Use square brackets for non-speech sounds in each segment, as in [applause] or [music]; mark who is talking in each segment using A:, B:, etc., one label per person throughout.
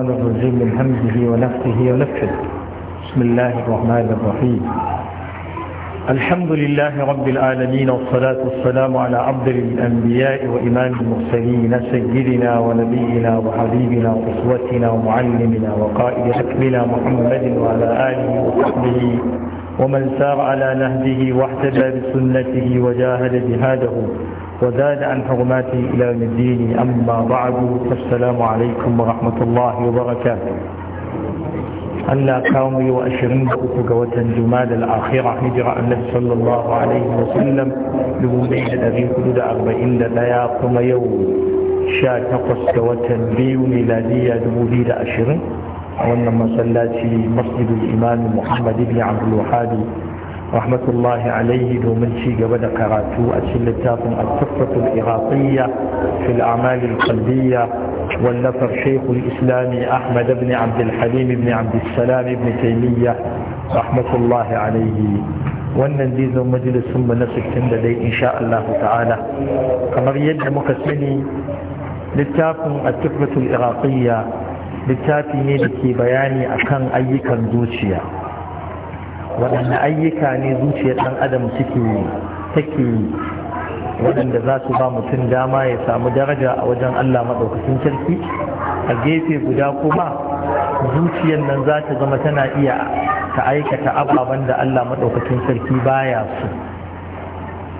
A: الشيطان الرجيم من همزه ونفسه ونفسه بسم الله الرحمن الرحيم الحمد لله رب العالمين والصلاة والسلام على عبد الأنبياء وإمام المرسلين سيدنا ونبينا وحبيبنا وأسوتنا ومعلمنا وقائد حكمنا محمد وعلى آله وصحبه ومن سار على نهجه واحتجى بسنته وجاهد جهاده وزاد عن حرماته إلى يوم الدين أما بعد فالسلام عليكم ورحمة الله وبركاته Allah kawo mu yi wa ashirin da uku ga watan Jumada al'akhira hijira Allah sallallahu Alaihi wasallam dubu ɗaya da ɗari hudu kuma yau sha takwas ga watan biyu da a wannan masallaci Muhammad ibn rahmatullahi alaihi domin ci gaba da karatu a cikin littafin al-tuffatul iraqiyya fil a'mal al-qalbiyya wallafar shaykhul islami ahmad ibn abd al-halim ibn abd salam ibn taymiyyah rahmatullahi alaihi wannan zai zo majalisun mu na 61 insha Allah ta'ala kamar yadda muka sani littafin al-tuffatul iraqiyya littafi ne da ke bayani akan ayyukan zuciya waɗanne ayyuka ne zuciyar ɗan adam take yi waɗanda za su ba mutum dama ya samu daraja a wajen Allah maɗaukacin sarki a gefe guda kuma zuciyar nan za ta zama tana iya ta aikata ababen da Allah maɗaukacin sarki baya su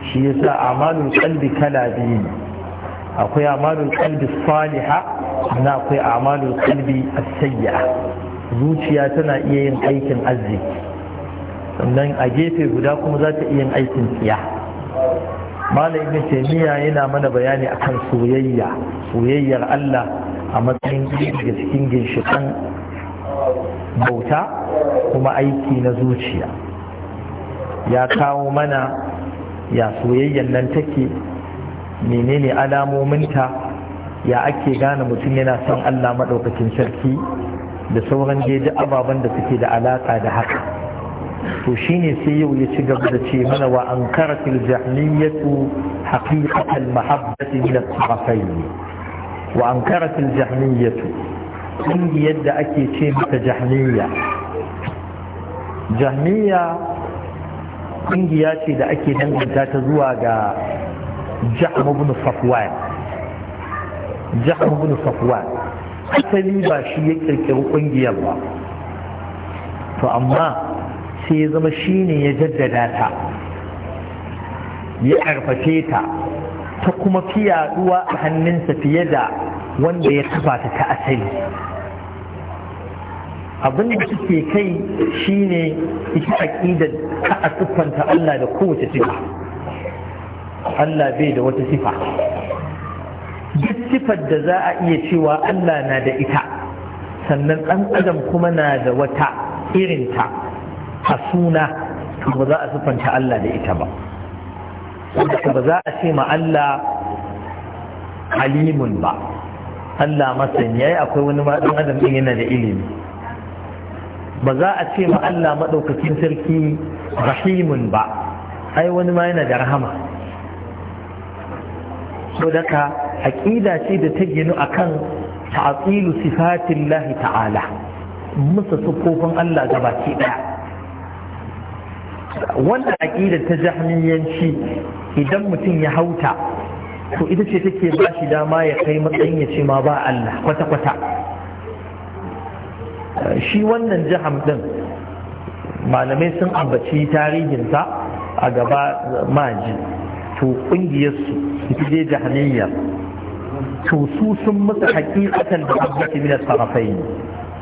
A: shi yasa amalul qalbi kala biyu akwai amalul qalbi saliha na akwai amalul qalbi as zuciya tana iya yin aikin arziki sannan a gefe guda kuma za ta iya aikin tsiya malam ibn yana mana bayani akan soyayya soyayyar Allah a matsayin da cikin ginshiƙan bauta kuma aiki na zuciya ya kawo mana ya soyayyan nan take menene alamominta ya ake gane mutum yana son Allah maɗaukacin sarki da sauran jeji ababen da suke da alaƙa da haka to shine sai yau ya ci gaba da ce mana wa an karatil jahmiyatu haqiqatal mahabbati min al-tarafayn wa an karatil jahmiyatu kungiyar da ake ce mata jahmiya jahmiya kungiya ce da ake danganta ta zuwa ga jahm ibn safwan jahm ibn safwan asali ba shi ya kirkiri kungiyar ba to amma sai ya zama shine ya jaddada ta ya karfafe ta ta kuma fi yaduwa a hannunsa fiye da wanda ya kafa ta ta asali abin da suke kai shine ita aqidar ka a siffanta Allah da kowace sifa Allah bai da wata sifa duk sifar da za a iya cewa Allah na da ita sannan ɗan adam kuma na da wata irinta hasuna ba za a sufanta Allah da ita ba wanda ba za a ce ma Allah alimun ba Allah masani yayi akwai wani madan adam din yana da ilimi ba za a ce ma Allah madaukakin sarki rahimun ba ai wani ma yana da rahama saboda aqida ce da ta ginu akan ta'atilu sifatillahi ta'ala musa sufofin Allah gabaki daya wannan aƙidar ta jahmiyanci idan mutum ya hauta to ita ce take ba shi dama ya kai matsayin ya ce ma ba Allah kwata-kwata shi wannan jiham ɗin malamai sun ambaci tarihinsa a gaba maji to ƙungiyarsu ita je jahaniyya to su sun masa hakikatan da abbasi min sarafai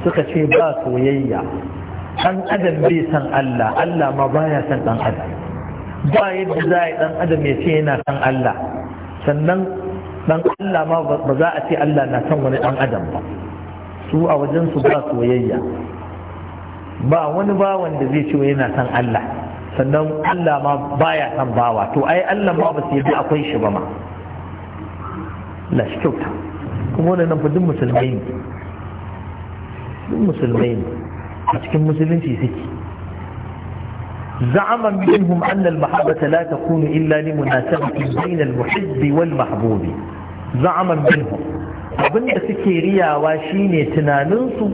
A: suka ce ba soyayya ɗan adam bai san Allah Allah ma baya san ɗan adam ba yadda za a yi ɗan adam ya ce yana san Allah sannan ɗan Allah ma ba za a ce Allah na san wani ɗan adam ba su a wajen su ba soyayya ba wani bawan da zai ce yana san Allah sannan Allah ma baya san bawa to ai Allah ma ba su yadda akwai shi ba ma la kyauta kuma wani nan fa duk musulmai ne
B: duk musulmai ne
A: a cikin musulunci suke za'aman minhum anna al-mahabbata la takunu illa li munasabati bayna al-muhibbi wal mahbubi za'aman minhum abinda suke riyawa shine tunaninsu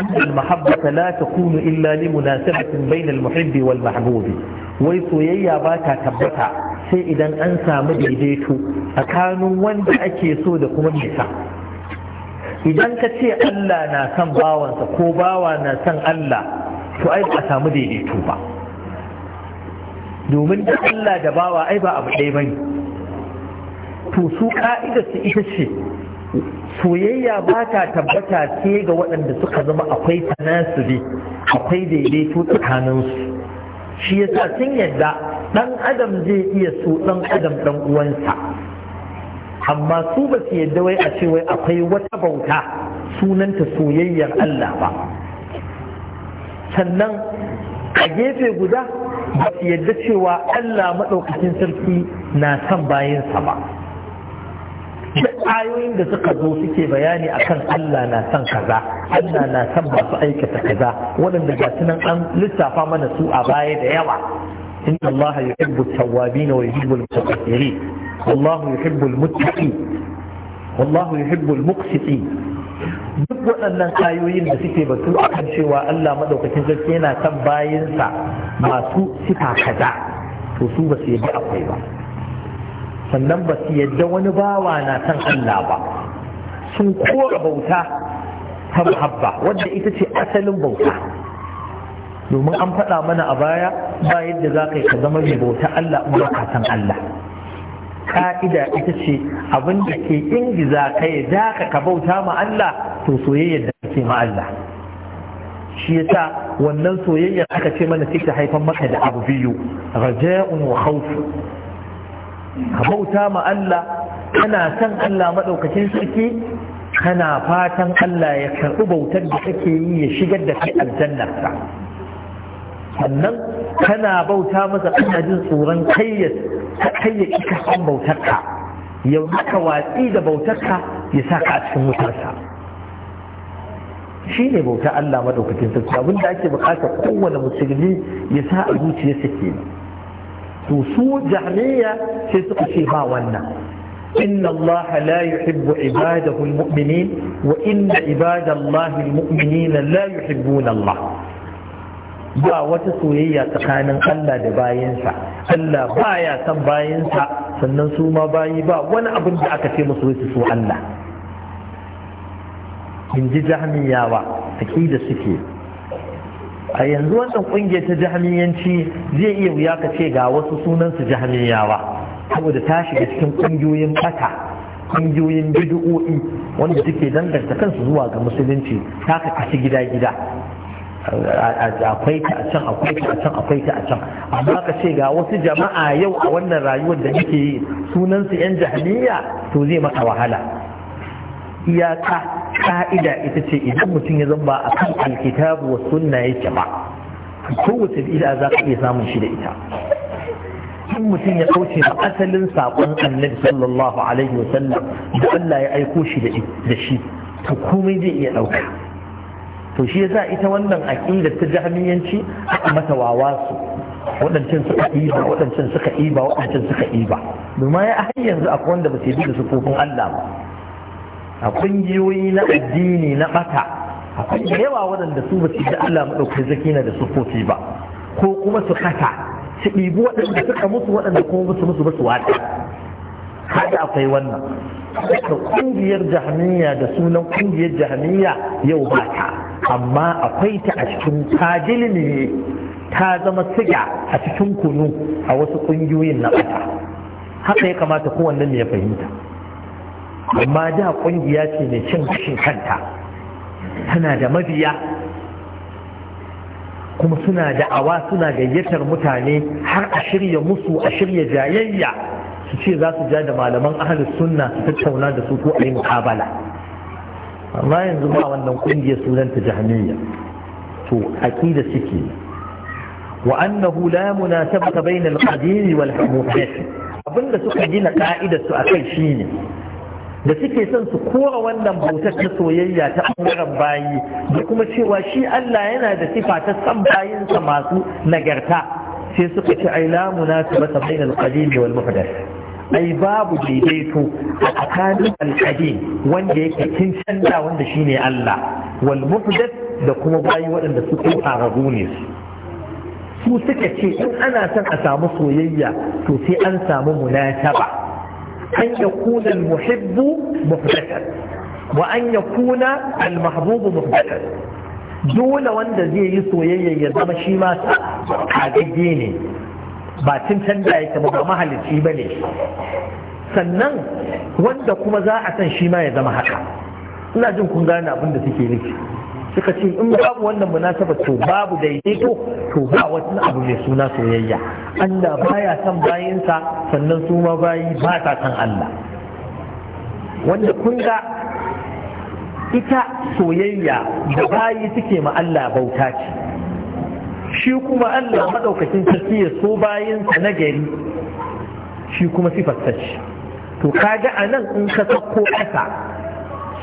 A: anna al-mahabbata la takunu illa li munasabatin bayna al-muhibbi wal mahbubi wai soyayya ba ta tabbata sai idan an samu daidaito tsakanin wanda ake so da kuma nisa idan ka ce Allah na son bawansa ko bawa na son Allah to ai ba samu daidaito ba domin da Allah da bawa ai ba abu ɗaya bane to su ka'ida su ita ce soyayya ba ta tabbata ce ga waɗanda suka zama akwai ne akwai daidaito tsakaninsu shi yasa sun yadda ɗan adam zai iya so ɗan adam ɗan uwansa amma su ba su yadda wai a ce wai akwai wata bauta sunanta soyayyar Allah ba sannan a gefe guda ba su yadda cewa Allah maɗaukacin sarki na son bayansa ba duk ayoyin da suka zo suke bayani akan Allah na son kaza Allah na son masu aikata kaza waɗanda ga nan an lissafa mana su a baya da yawa inna Allah yuhibbu at-tawwabin wa mutatahhirin wallahu yuhibbul muttaqin wallahu duk waɗannan ayoyin da suke batu kan cewa Allah madaukakin gaske yana kan bayinsa masu sifa kaza to su ba su yadda akwai ba sannan ba su yadda wani bawa na san Allah ba sun kora bauta ta muhabba wadda ita ce asalin bauta domin an faɗa mana a baya ba yadda za ka yi ka zama mai bauta Allah in ba ka san Allah ka'ida ita ce abin da ke ingiza ka ya ja ka ka bauta ma Allah to soyayyar da kake ma Allah shi yasa wannan soyayyar aka ce mana sai ta haifar maka da abu biyu raja'un wa khawf ka bauta ma Allah kana san Allah madaukakin sarki kana fatan Allah ya karɓi bautar da kake yi ya shigar da kai aljannarsa sannan kana bauta masa kana jin tsoron kayyar kika ikon bautarka yau haka watsi da bautarka ya sa ka a cikin wutarsa shi ne bauta Allah maɗaukacin sarki abin da ake bukata kowane musulmi ya sa a zuciyarsa kenan to su jahmiya sai suka ce ba wannan إن الله لا يحب عباده المؤمنين وإن عباد الله المؤمنين لا يحبون الله ba wata soyayya tsakanin Allah da bayansa Allah ya son bayansa sannan su ma bayi ba wani abin da aka ce musu su Allah in ji jahmiyawa da suke a yanzu wannan kungiyar ta jahmiyanci zai iya wuya ka ce ga wasu sunansu jahmiyawa saboda ta shiga cikin kungiyoyin bata kungiyoyin bid'o'i wanda suke danganta kansu zuwa ga musulunci ta ka kashi gida-gida akwai ta a can akwai ta a can amma ka ce ga wasu jama'a yau a wannan rayuwar da muke yi sunansu yan jahiliya to zai maka wahala iyaka ka'ida ita ce idan mutum ya zamba a kan alkitabu wa sunna yake ko kowace bid'a za ka iya samun shi da ita in mutum ya kauce da asalin saƙon annabi sallallahu alaihi wasallam da Allah ya aiko shi da shi to komai zai iya ɗauka to shi yasa ita wannan aƙida ta jahmiyanci aka mata wawa su waɗancan suka ba, waɗancan suka ba, waɗancan suka ba. domin ya har yanzu akwai wanda ba su yi da sufofin Allah ba a ƙungiyoyi na addini na ɓata akwai yawa waɗanda su ba su da Allah maɗaukar zaki na da sufofi ba ko kuma su kata su ɗibi waɗanda suka musu waɗanda kuma ba su musu ba su wata haka akwai wannan da kungiyar jahmiya da sunan kungiyar jahmiya yau ba ta amma akwai ta a cikin tajil ne ta zama siga a cikin kunu a wasu kungiyoyin na bata haka ya kamata kowanne ne ya fahimta amma da kungiya ce mai cin kashin kanta tana da mabiya kuma suna da awa suna gayyatar mutane har a shirya musu a shirya jayayya ce za su ja da malaman ahalus sunna su tattauna da su ko a yi muƙabala amma yanzu ba wannan ƙungiyar sunanta jahmiya to aƙida suke wa annahu la munasabata bayna al-qadim wal muhdath abinda suka gina ka'idar su akai shine da suke son su kora wannan bautar ta soyayya ta ɓangaren bayi da kuma cewa shi Allah yana da sifa ta san bayinsa masu nagarta sai suka ci ai la munasabata bainal qadim wal muhdath ai babu daidaito a tsakanin alƙadi wanda yake kin canza wanda shine Allah wal da kuma bayi waɗanda su ƙararru ne su suka ce in ana son a samu soyayya to sai an samu munasaba an yakuna al muhibbu muhdathan wa an yakuna al mahbubu muhdathan dole wanda zai yi soyayya ya zama shi ma kagagge ne ba tun da yake ba mahalicci ba ne sannan wanda kuma za a san shi ma ya zama haka ina jin kun gane abin da suke nufi suka ce in babu wannan munasabar to babu daidaito to ba wata abu mai suna soyayya Allah baya son bayinsa sannan su ma bayi ba ta san Allah wanda kun ga ita soyayya da bayi suke ma Allah bauta ce shi kuma Allah madaukakin sarki ya so bayansa na gari shi kuma sifarsa ce to kaga a nan in ka sako ƙasa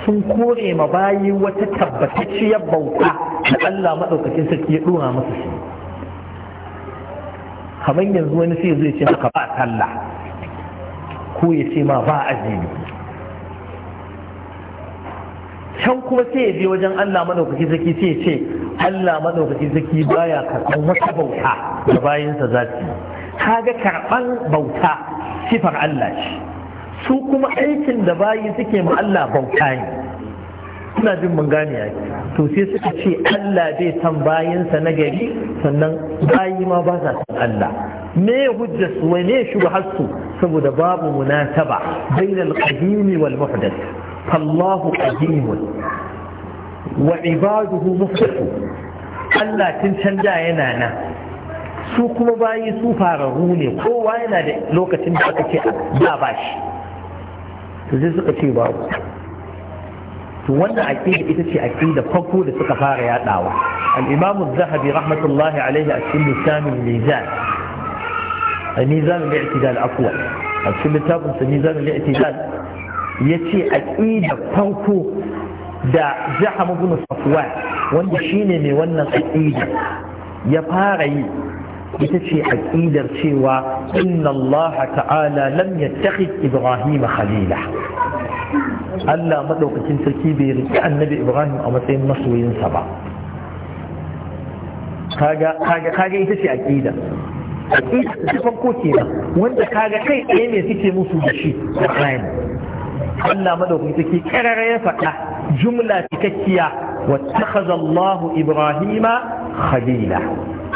A: sun kore ma bayi wata tabbatacciyar bauta da Allah madaukakin sarki ya ɗora masa shi kamar yanzu wani sai zai ce maka ba sallah ko ya ce ma ba azumi can kuma sai ya je wajen Allah madaukakin sarki sai ya ce Allah madaukakin zaki baya karban wata bauta da bayansa za su yi kaga karɓan bauta sifar Allah ce su kuma aikin da bayi suke ma Allah bauta ne suna jin mun gane ya to sai suka ce Allah zai san bayansa na gari sannan bayi ma ba sa san Allah me hujja su wai ne har su saboda babu munataba? bainal qadimi wal muhdath fallahu qadimun wa ibaduhu muflihu Allah tun canja yana nan su kuma bayi su fararru ne kowa yana da lokacin da aka ce ba ba shi to sai suka ce ba to wannan aqida ita ce aqida farko da suka fara yadawa al-imam az-zahabi rahmatullahi alaihi a cikin lisamin mizan mizan al-i'tidal afwa a cikin littafin sa mizan al-i'tidal yace aqida farko da jaham ibn safwan wanda shine mai wannan aqida ya fara yi ita ce aqidar cewa inna Allah ta'ala lam yattakhidh Ibrahim khalila Allah madaukakin sarki bai riƙe annabi Ibrahim a matsayin masoyinsa ba kaga kaga ita ce aqida aqida ta farko kenan wanda kaga kai ɗaya ne suke musu da shi Ibrahim Allah madaukakin sarki karara ya faɗa jumla cikakkiya wattakhadha Allahu Ibrahima khalila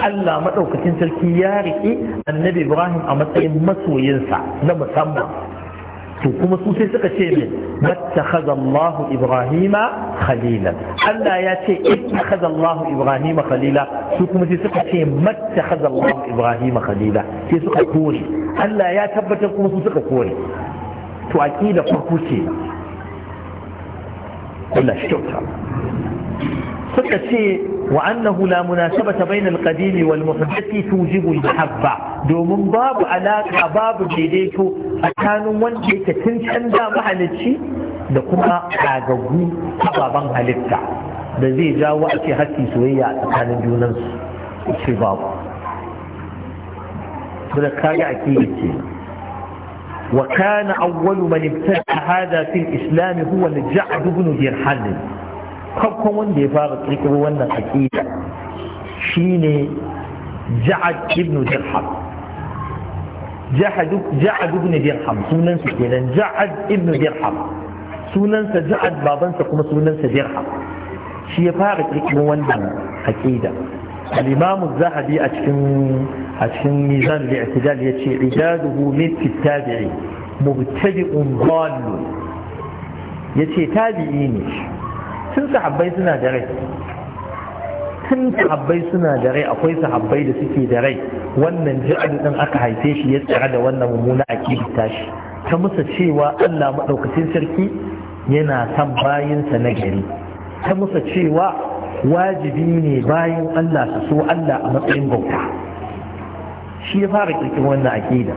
A: Allah madaukakin sarki ya riƙe annabi Ibrahim a matsayin masoyinsa na musamman to kuma su sai suka ce min mattakhadha Allahu Ibrahima khalila Allah ya ce ittakhadha Allahu Ibrahima khalila su kuma sai suka ce mattakhadha Allahu Ibrahima khalila sai suka kore Allah ya tabbatar kuma su suka kore to aqida farko ce
B: Allah shi kyauta
A: suka ce wa annahu la munasabata bayna al-qadimi wal muhdathi tujibu al domin babu alaƙa babu daidaito tsakanin wanda yake tun can da mahalicci da kuma kagaggu ababen halitta da zai jawo a ce soyayya a tsakanin junansu ce babu. Kuma kaga a ke ce وكان أول من ابتدع هذا في الإسلام هو الجعد بن درحل farkon wanda ya fara kirkiro wannan aƙida shine ja'ad ibn dirham ja'ad ibn dirham sunansa kenan ja'ad ibn dirham sunansa ja'ad babansa kuma sunansa dirham shi ya fara ƙirƙiro wannan aƙida الإمام الذهبي أتكن أتكن ميزان الاعتدال يتي عداده من في التابع مبتدئ ضال يتي تابعيني tun sahabbai suna da rai suna da rai akwai sahabbai da suke da rai wannan ji'adu din aka haife shi ya tsira da wannan mummuna aqidar tashi ta musa cewa Allah madaukakin sarki yana son bayinsa na gari ta musa cewa wajibi ne bayan Allah su so Allah a matsayin bauta shi ya fara kirkin wannan aqida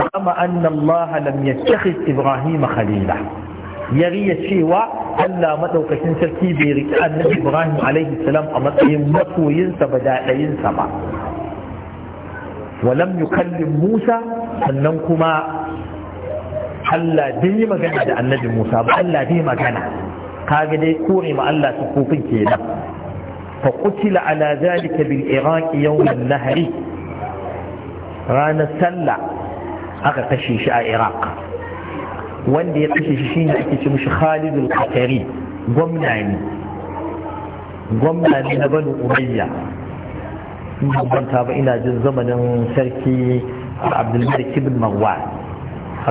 A: zama anna Allah lam yattakhidh Ibrahim khalila yari ya cewa Allah madaukakin sarki bai riki annabi Ibrahim alaihi salam a matsayin makoyinsa ba daɗayinsa ba walam yukallim Musa sannan kuma Allah bai yi magana da annabi Musa ba Allah bai magana kaga dai kore ma Allah sufufin kenan fa qutila ala zalika bil iraq yawm al nahri rana salla aka kashe shi a iraq wanda ya kashe shi shine ake ce mushi Khalid al-Qatari gwamna ne gwamna ne na Banu Umayya in ta ba ina jin zamanin sarki Abdul Malik ibn Marwan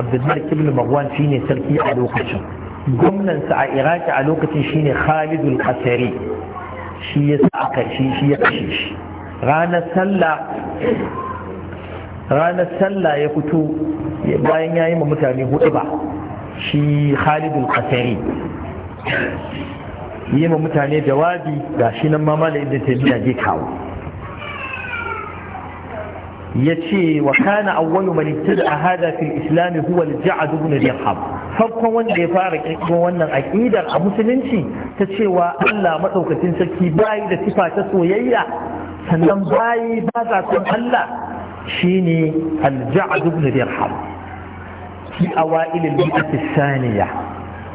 A: Abdul Malik ibn Marwan shine sarki a lokacin gwamnansa a iraki a lokacin shine khalidul qasari shi ya aka shi shi ya kashe shi ranar sallah ranar sallah ya fito bayan ya yi ma mutane hudu ba shi khalidul qasari yi ma mutane jawabi ga shi nan ma malayin da ta biya je kawo ya ce wa kana awwalu man ibtada hada fil islam huwa al-ja'd ibn dirham farkon wanda ya fara kirkiro wannan aqidar a musulunci ta cewa Allah madaukakin sarki bayi da sifa ta soyayya sannan bayi ba za son Allah shine al-ja'd ibn dirham fi awail al-bi'at ath-thaniya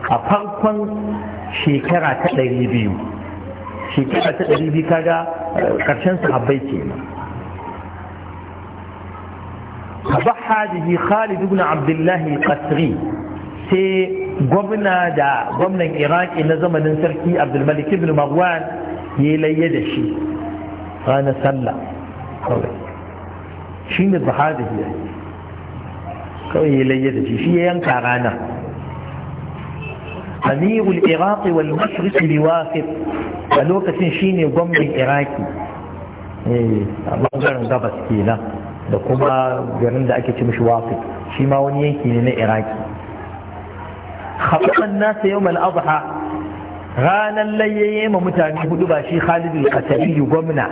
A: a farkon shekara ta 200 shekara ta 200 kaga karshen eh, sahabbai kenan فضحى به خالد بن عبد الله القسري sai gwamna da gwamnan iraki na zamanin sarki abdulmalik ibn marwan ya yi layya da shi ranar sallah kawai shi ne da ya kawai ya yi layya da shi shi ya yanka rana amirul iraki wal mashriq liwaqif a lokacin shi ne gwamnan iraki eh, a bangaren gabas kenan da kuma garin da ake ci mishi waqif shi ma wani yanki ne na iraki haɓaɓɓen nasa yau mal'adha ranar layyaye ma mutane hudu ba shi khalidul qataliyu gwamna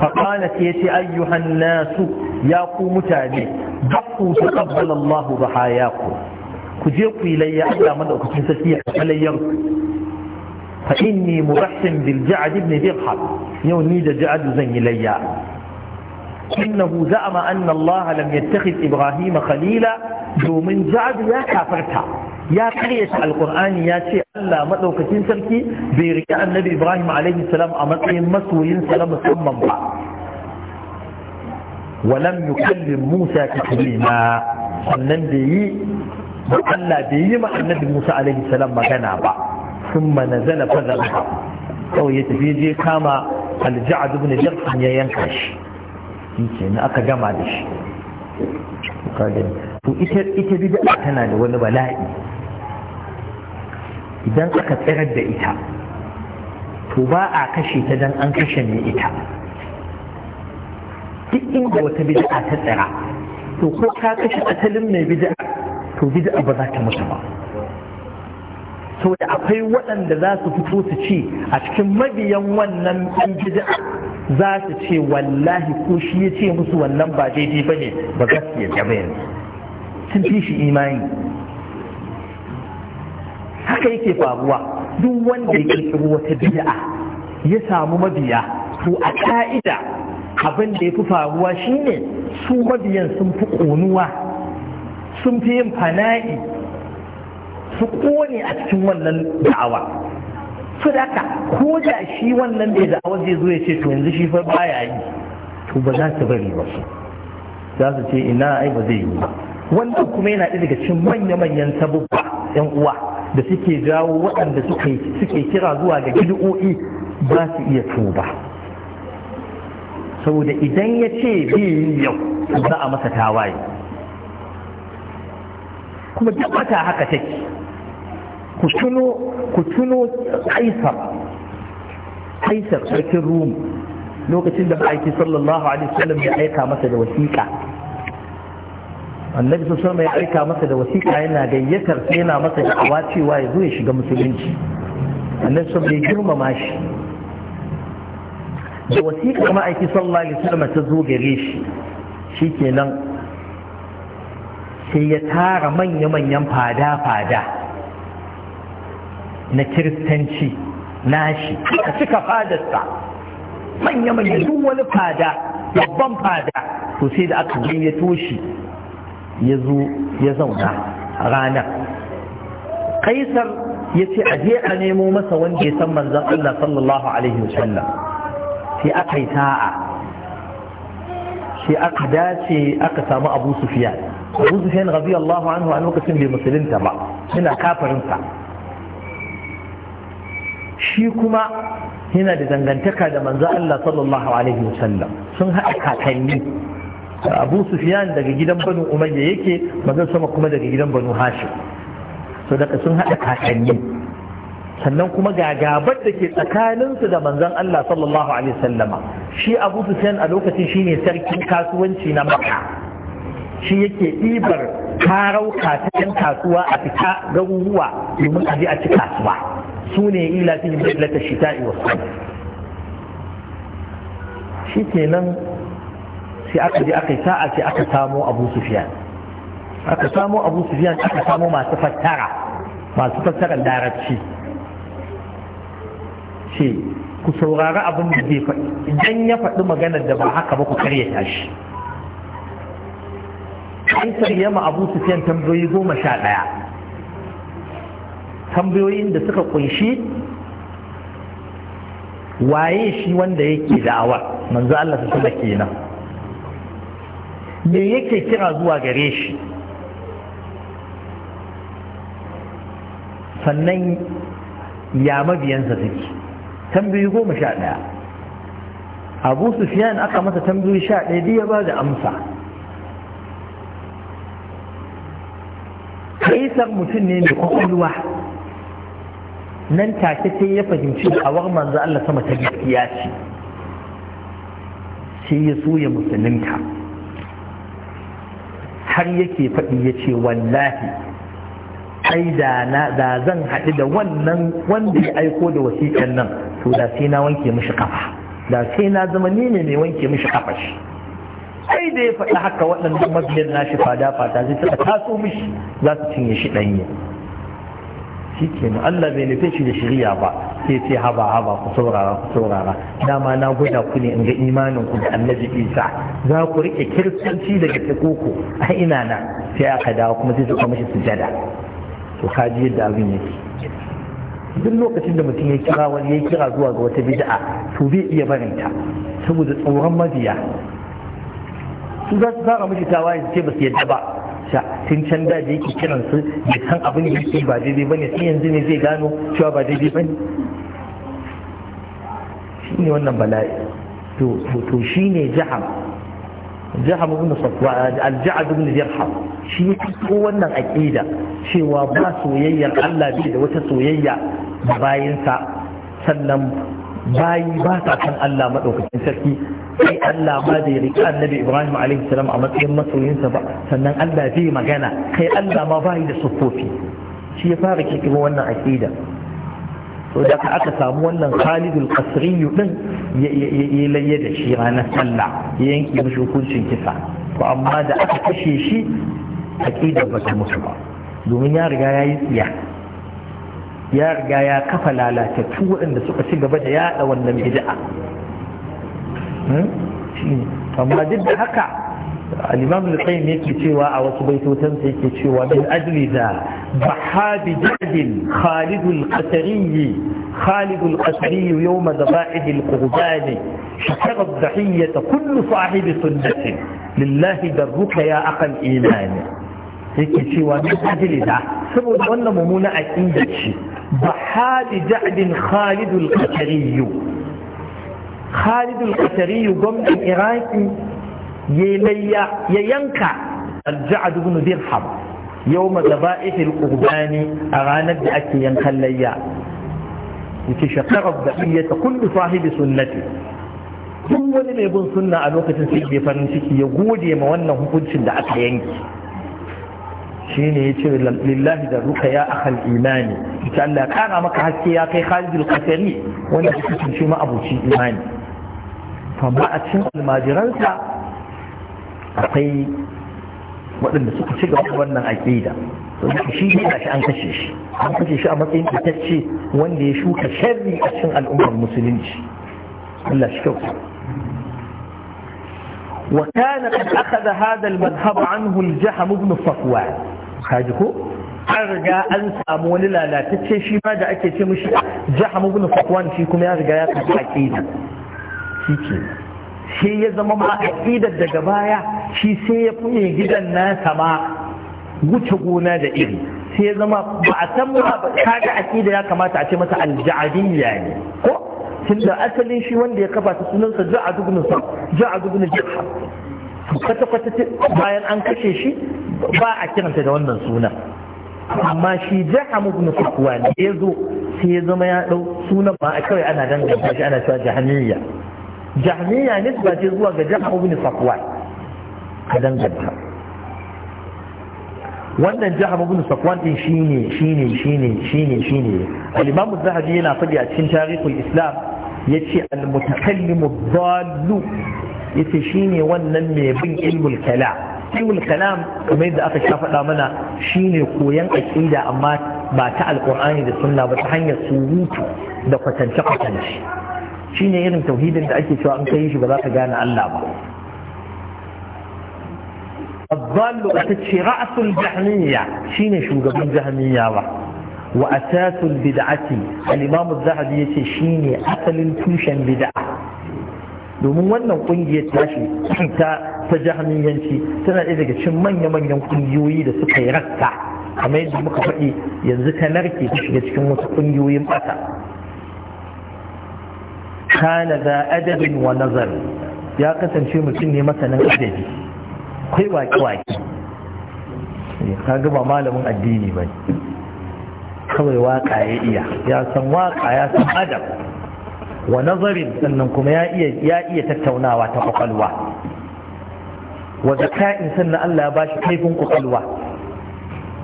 A: faƙana ce ce ayyuhan nasu ya ku mutane baku su ƙabbala Allahu ba ha ku ku je ku yi layya Allah mada ku cin sarki ya ƙafa layyan fa inni murahsin bil ja'ad ibn yau ni da ja'ad zan yi layya innahu za'ama anna Allah lam yattakhid ibrahima khalila domin ja'ad ya kafarta ya karyata alkur'ani ya ce Allah maɗaukacin sarki bai riƙe annabi Ibrahim alaihi salam a matsayin masoyin na musamman ba walam yukallim Musa taklima sannan bai yi Allah bai yi ma annabi Musa alaihi salam magana ba Sun mana zana nazala fadhaba kawai ya tafi je kama al-ja'd ibn jarh ya yanka shi shi aka gama da shi to ita ita bid'a tana da wani bala'i idan aka tsirar da ita to ba a kashe ta don an kashe ne ita duk inda wata bid'a ta tsira to ko ka kashe asalin mai bid'a to bid'a ba za ta mutu ba saboda akwai waɗanda za su fito su ce a cikin mabiyan wannan ɗan bid'a za su ce wallahi ko shi ya ce musu wannan ba daidai ba ne ba gaskiya ba yanzu sun fi shi imani haka yake faruwa duk wanda ya kirkiro wata bid'a ya samu mabiya to a ka'ida abin da ya fi faruwa shine su mabiyan sun fi ƙonuwa sun fi yin fana'i su ƙone a cikin wannan da'awa su daka ko da shi wannan da da'awa zai zo ya ce to yanzu shi fa baya yi to ba za su bari ba su za su ce ina ai ba zai yi ba wannan kuma yana daga cikin manya-manyan sabubba yan uwa da suke jawo waɗanda suke kira zuwa ga gidi'o'i ba su iya tuba saboda idan ya ce biyin yau za a masa tawaye kuma duk wata haka take ku tuno ku tuno kaisar kaisar sarkin rum lokacin da ma'aiki sallallahu alaihi wasallam ya aika masa da wasiƙa annabi su sama ya aika masa da wasiƙa yana gayyatar sai yana masa da awa cewa ya zo ya shiga musulunci annabi su bai girmama shi da wasiƙa ma'aiki sallallahu alaihi wasallam ta zo gare shi shikenan sai ya tara manya-manyan fada-fada na kiristanci nashi a cika fadarsa
B: manya-manyan
A: duk wani fada babban fada to sai da aka gayyato shi ya zo ya zauna ranar kaisar ya ce a je a nemo masa wanda ya san manzan Allah sallallahu alaihi wasallam sai aka yi ta'a sai aka dace aka samu abu sufiya abu sufiya rabi Allah a lokacin bai musulunta ba yana kafarinsa shi kuma yana da dangantaka da manzan Allah sallallahu alaihi wasallam sun haɗa kakanni abu daga gidan banu umayya yake manzon sama kuma daga gidan banu hashim so daga sun haɗa kakanni sannan kuma ga gabar da ke tsakaninsu da manzon Allah sallallahu alaihi wasallama shi abu a lokacin shine sarkin kasuwanci na makka shi yake ɗibar karau ta kasuwa a fita garuruwa domin a je a ci kasuwa su ne ila fi millata shita'i shi kenan sai aka je aka yi sa'a sai aka samo abu sufiyan aka samo abu sufiyan aka samo masu fattara masu fattara larabci ce ku saurari abin da zai faɗi idan ya faɗi maganar da ba haka ba ku karyata shi kaisar yama abu sufiyan tambayoyi goma sha ɗaya tambayoyin da suka kunshi waye shi wanda yake da'awa manzo Allah su kenan me yake kira zuwa gare shi sannan ya mabiyansa suke tambayi goma sha ɗaya abu sufiyan aka masa tambayi sha ɗaya duk ya ba da amsa kaisar mutum ne mai kwakwalwa nan take sai ya fahimci awar manzo Allah sama ta gaskiya ce sai ya soya ya musulunta har yake faɗi ya ce wallahi ai da zan haɗu da wannan wanda ya aiko da wasiƙan nan to da sai na wanke mishi da sai na zama ni ne mai wanke mishi kafa shi ai da ya faɗi haka waɗannan mabiyan nashi fada fata zai taɓa taso mishi za su cinye shi ɗanye shi kenan Allah bai nufe shi da shirya ba sai ce haba haba ku saurara ku saurara dama na gwada ku ne in ga imanin ku da annabi isa za ku rike kiristanci daga tekoko a ina na sai aka dawo kuma sai suka mashi sujada to ji yadda abin yake duk lokacin da mutum ya kira wani ya kira zuwa ga wata bid'a to bai iya barinta saboda tsoron mabiya su za su fara mashi tawaye su ce ba su yadda ba ta tun can da da yake kiran su ya san abin da yake ba daidai bane sai yanzu ne zai gano cewa ba daidai bane shi ne wannan bala'i to shi ne jaham jaham ibn safwa al-ja'd ibn dirham shi ne ko wannan aqida cewa ba soyayyar Allah bai da wata soyayya bayansa sannan bayi ba sa kan Allah maɗaukacin sarki sai Allah ma zai riƙa annabi Ibrahim alaihi salam a matsayin masoyinsa ba sannan Allah zai magana kai Allah ma bayi da sufofi shi ya fara kirkiro wannan aqida to da aka samu wannan Khalidul Qasri din ya layya da shi ranar sallah ya yanke mishi hukuncin kisa to amma da aka kashe shi aqidar ba ta mutu ba domin ya riga ya yi tsiya ya riga ya kafa lalatattu waɗanda suka ci gaba da yaɗa wannan bid'a hmm? amma duk da haka al-imam al-qayyim yake cewa a wasu baitotan sa yake cewa min ajli da bahabi jadil khalid al-qasri khalid al-qasri yawm dhaba'id al-qurban shakara ad-dahiyyah kullu sahib sunnah lillahi darruka ya aqal iman yake cewa min ajli da saboda wannan mummuna aqida ce bahadi ja'din khalid al-qatari khalid gwamnan iraki ya yanka al-ja'd ibn dirham yawm zaba'ih al-qurbani a ranar da ake yankan layya yace shaqara al-ba'iyyata kullu sahibi sunnati duk wani mai bin sunna a lokacin sai ya farin ciki ya gode ma wannan hukuncin da aka yanke. Shi ne ya ce lillahi da ruka ya akhal imani insha Allah kana maka haske ya kai Khalid al-Qasari wanda shi cikin ma abuci imani amma a cikin almajiransa akwai waɗanda suka ci gaba wannan aƙida shi ne a shi an kashe shi an kashe shi a matsayin fitacce wanda ya shuka sharri a cikin al'ummar musulunci
B: Allah shi kyauta
A: وكان قد أخذ هذا المذهب عنه الجهم بن صفوان kaji ko an riga an samu wani lalatacce shi ma da ake ce mushi jaham ibn fakwan shi kuma ya riga ya karɓi aqida shi ke shi ya zama ma aqidar daga baya shi sai ya fi gidan nasa ma wuce gona da iri sai ya zama ba a san ba kaga aqida ya kamata a ce masa al ne ko tunda asalin shi wanda ya kafa ta sunansa ja'ad ibn safwan kwata-kwata bayan an kashe shi ba a kiranta da wannan suna amma shi jahamu ibn ne ya zo sai ya zama ya dau sunan ba a kawai ana danganta shi ana cewa jahamiyya jahmiya nisba ce zuwa ga jaha ibn safwan a danganta wannan jaha ibn safwan din shine shine shine shine shine al-imam az-zahabi yana fadi a cikin tarihul islam ya ce al-mutakallimu dhallu yace shine wannan mai bin ilmul kalam ilmul kalam kamar yadda aka sha faɗa mana shine koyan aqida amma ba ta alqur'ani da sunna ba ta hanyar surutu da kwatance kwatance shine irin tauhidin da ake cewa an kai shi ba za ka gane Allah ba الضال أتتشي رأس الجهمية شين شو قبل جهمية وأساس البدعة الإمام الذهبي يتشيني أصل التوشن بدعة domin wannan kungiyar tashi [clears throat] ta ta jahamiyanci tana ɗaya daga cikin manya-manyan kungiyoyi da suka yi rasta kamar yadda muka faɗi yanzu ta narke ta shiga cikin wasu kungiyoyin ɓata kana da adadin wa nazar ya kasance mutum ne masanin adabi kai wake-wake eh, ka gaba malamin addini ba kawai waƙa ya iya ya san waƙa ya san adab wa nazarin sannan kuma ya iya ya iya tattaunawa ta kwakwalwa wa zaka'in sannan Allah ya bashi kaifin kwakwalwa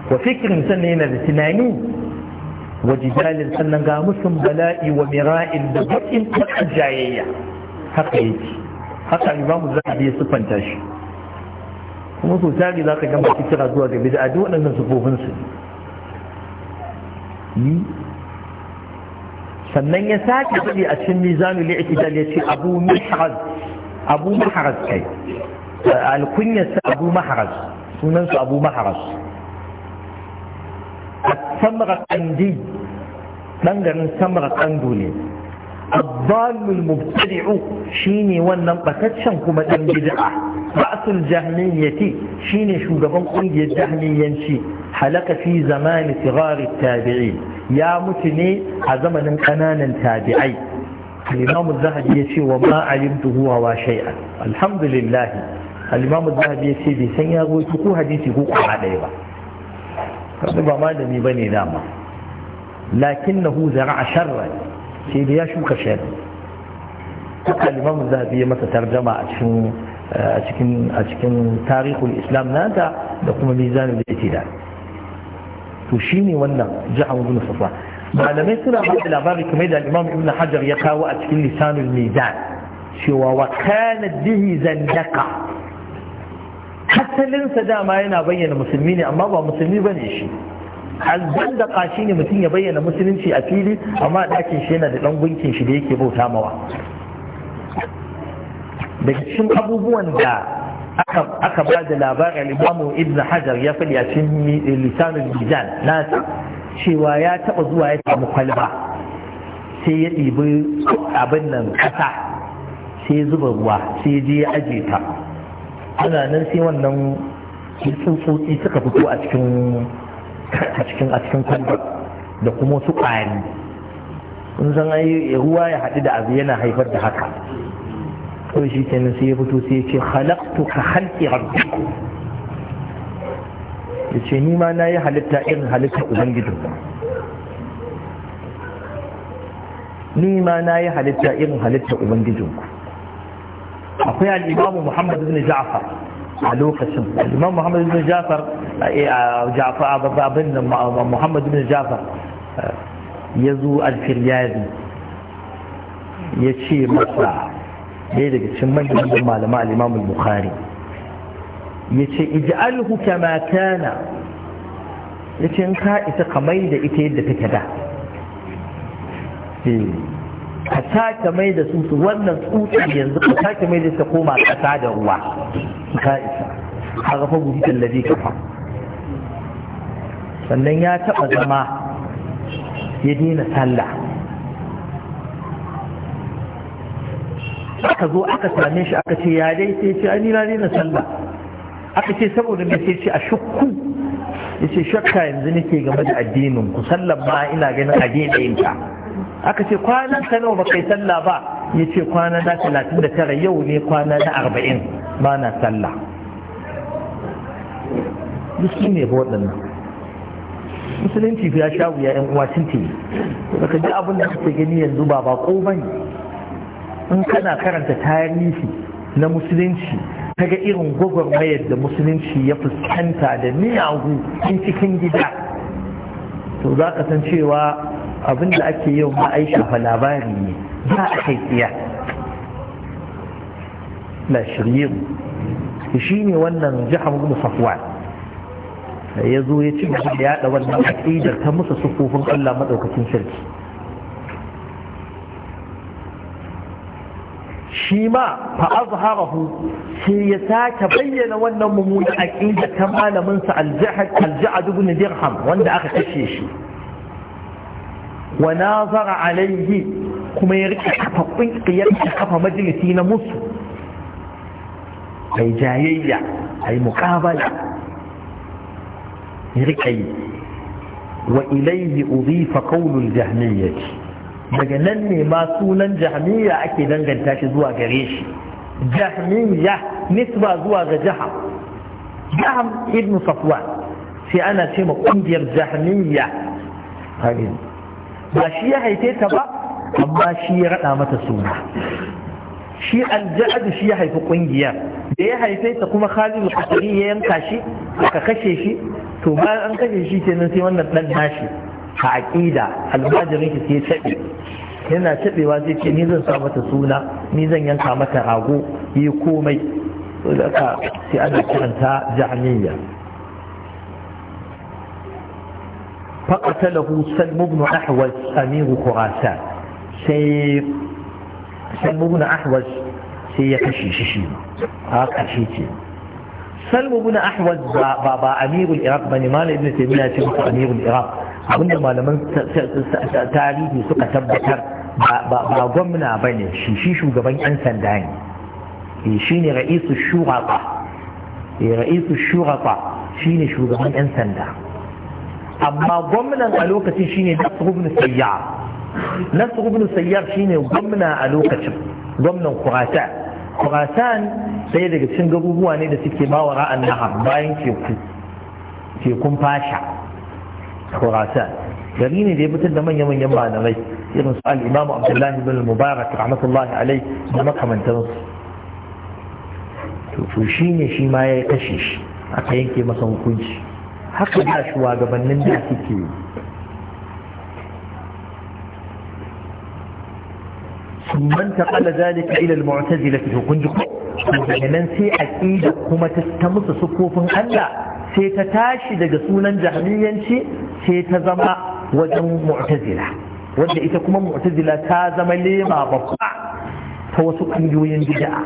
A: wa fikirin sannan yana da tunani wa jidalin sannan ga musun bala'i wa mira'in da bakin takan jayayya haka yake haka imamu zahabi ya siffanta shi kuma so tari za ka gama kira zuwa ga bid'a duk waɗannan sufofin su sannan ya sake faɗi a cikin mizanul i'tidal yace abu mihraz abu maharaz kai alkunyarsa abu maharaz sunansu abu maharaz a samar kandi ɗan garin samar kando ne abdallul mubtadi'u shine wannan bataccen kuma dan bid'a ba'sul jahmiyyati shine shugaban kungiyar jahmiyyanci halaka fi zamani sigar tabi'in ya mutu ne a zamanin kananan tabi'ai al-imam az-zahabi yace wa ma alimtu huwa wa shay'an alhamdulillah al-imam az-zahabi yace bai san ya goyi ko hadisi ko kuma daya ba kasu ba malami bane dama lakinnahu zara'a sharran sai da ya shuka shayar haka limamu zabi ya masa tarjama a cikin a cikin a cikin tarihul islam nata da kuma mizani da yake da to shine wannan ja'an ibn safa malamai suna ba da labari kamar da imam ibn hajar ya kawo a cikin lisanul mizan cewa wa kana bihi zandaka hasalinsa dama yana bayyana musulmi ne amma ba musulmi ba ne shi shi ne mutum ya bayyana musulunci a fili amma ɗakin shi yana da ɗan gunkin shi da yake bauta mawa daga cikin abubuwan da aka ba da labarin imamu ibn hajar ya faɗi a cikin lisanin bijan na cewa ya taɓa zuwa ya samu kwalba sai ya ɗibi abin nan ƙasa sai zuba ruwa sai ya je ya aje ta ana nan sai wannan tsutsotsi suka fito a cikin a cikin a cikin kwalba da kuma wasu ƙwari Kun san ai ruwa ya haɗu da abu yana haifar da haka to shi kenan sai ya fito sai ya ce khalaqtu ka khalqi rabbikum ya ce ni ma na yi halitta irin halitta ubangijin ni ma na yi halitta irin halitta ubangijin akwai al'imamu muhammad ibn ja'far a lokacin imam muhammad ibn jafar a abin da muhammad ibn jafar eh, ya zo alfiryazi, ya ce masa ɗaya daga cikin manyan malama al-imam al-bukhari ya ce iji kama kana ya ce in ka isa kamai da ita yadda take da eh. ka sake mai da su su wannan tsutsar yanzu ka sake mai da su koma ƙasa da ruwa ka isa a gafa guji tallafi fa sannan ya taɓa zama ya daina sallah aka zo aka same shi aka ce ya dai sai ce ni na daina sallah aka ce saboda me sai ce a shukku ya ce shakka yanzu nake game da addinin ku sallan ma ina ganin a daina ta aka ce kwanan ka nawa baka yi sallah ba ya ce kwana na talatin da tara yau ne kwana na arba'in ba na sallah musulmi ne ba waɗannan musulunci ya sha wuya yan uwa sun ce ka ji abin da kake gani yanzu ba ba ko bane in kana karanta tarihi na musulunci kaga irin gwagwarmayar da musulunci ya fuskanta da miyagu cikin gida to za ka san cewa abin da ake yau ma ai labari ne ba a kai tsiya la shi ne wannan jihar ibn safwan ya zo ya ci gaba da yaɗa wannan aƙidar ta musu sufufin Allah madaukakin sarki shi ma fa azharahu sai ya sake bayyana wannan mummunan aqida ta malamin sa al-jahad al-ja'd ibn dirham wanda aka kashe shi wa nazara alaihi kuma ya rike kafaffin ya kafa majalisi na musu ai jayayya ai muqabala ya rike yi wa ilayhi udhifa qawlul jahmiyyah daga nan ne ma sunan jahmiya ake danganta shi zuwa gare shi jahmiya nisba zuwa ga jaham jaham ibn safwan sai ana ce ma kungiyar jahmiya ba shi ya haife ta ba amma shi ya raɗa mata suna shi alja'adu shi ya haifi ƙungiyar da ya haife ta kuma Khalidu qasri ya yanka shi aka kashe shi to bayan an kashe shi kenan sai wannan ɗan nashi a aƙida almajirin shi sai tabe yana tabewa zai ce ni zan sa mata suna ni zan yanka mata rago yi komai sai ana kiranta jahmiyya فقتله سلم بن أحوز أمير خراسان سي سلم بن أحوز سي كشي ششي آه سلم بن أحوز بابا أمير العراق بني مال ابن تيمية سيكون أمير العراق أقول لما لما تاريخي سوق تبكر بغمنا بني شي شو غبين أنسان داني شيني رئيس الشرطة رئيس الشرطة شيني شو غبين أنسان داني amma gwamnan a lokacin shine Nasr ibn Sayyar Nasr ibn Sayyar shine gwamna a lokacin gwamnan kurata Khurasan sai daga cikin gabubuwa ne da suke bawa ra'an nahar bayan teku tekun fasha Khurasan gari ne da ya fitar da manya-manyan malamai irin su al Abdullahi ibn Mubarak rahmatullahi alai da makamantansu to shi ne shi ma ya kashe shi aka yanke masa hukunci haka da shugabannin da suke yi ثم انتقل ذلك إلى المعتزلة كنجكم nan sai aƙida kuma ta musu sukofin Allah sai ta tashi daga sunan jahmiyanci sai ta zama wajen mu'tazila wanda ita kuma mu'tazila ta zama lema babba ta wasu ƙungiyoyin bid'a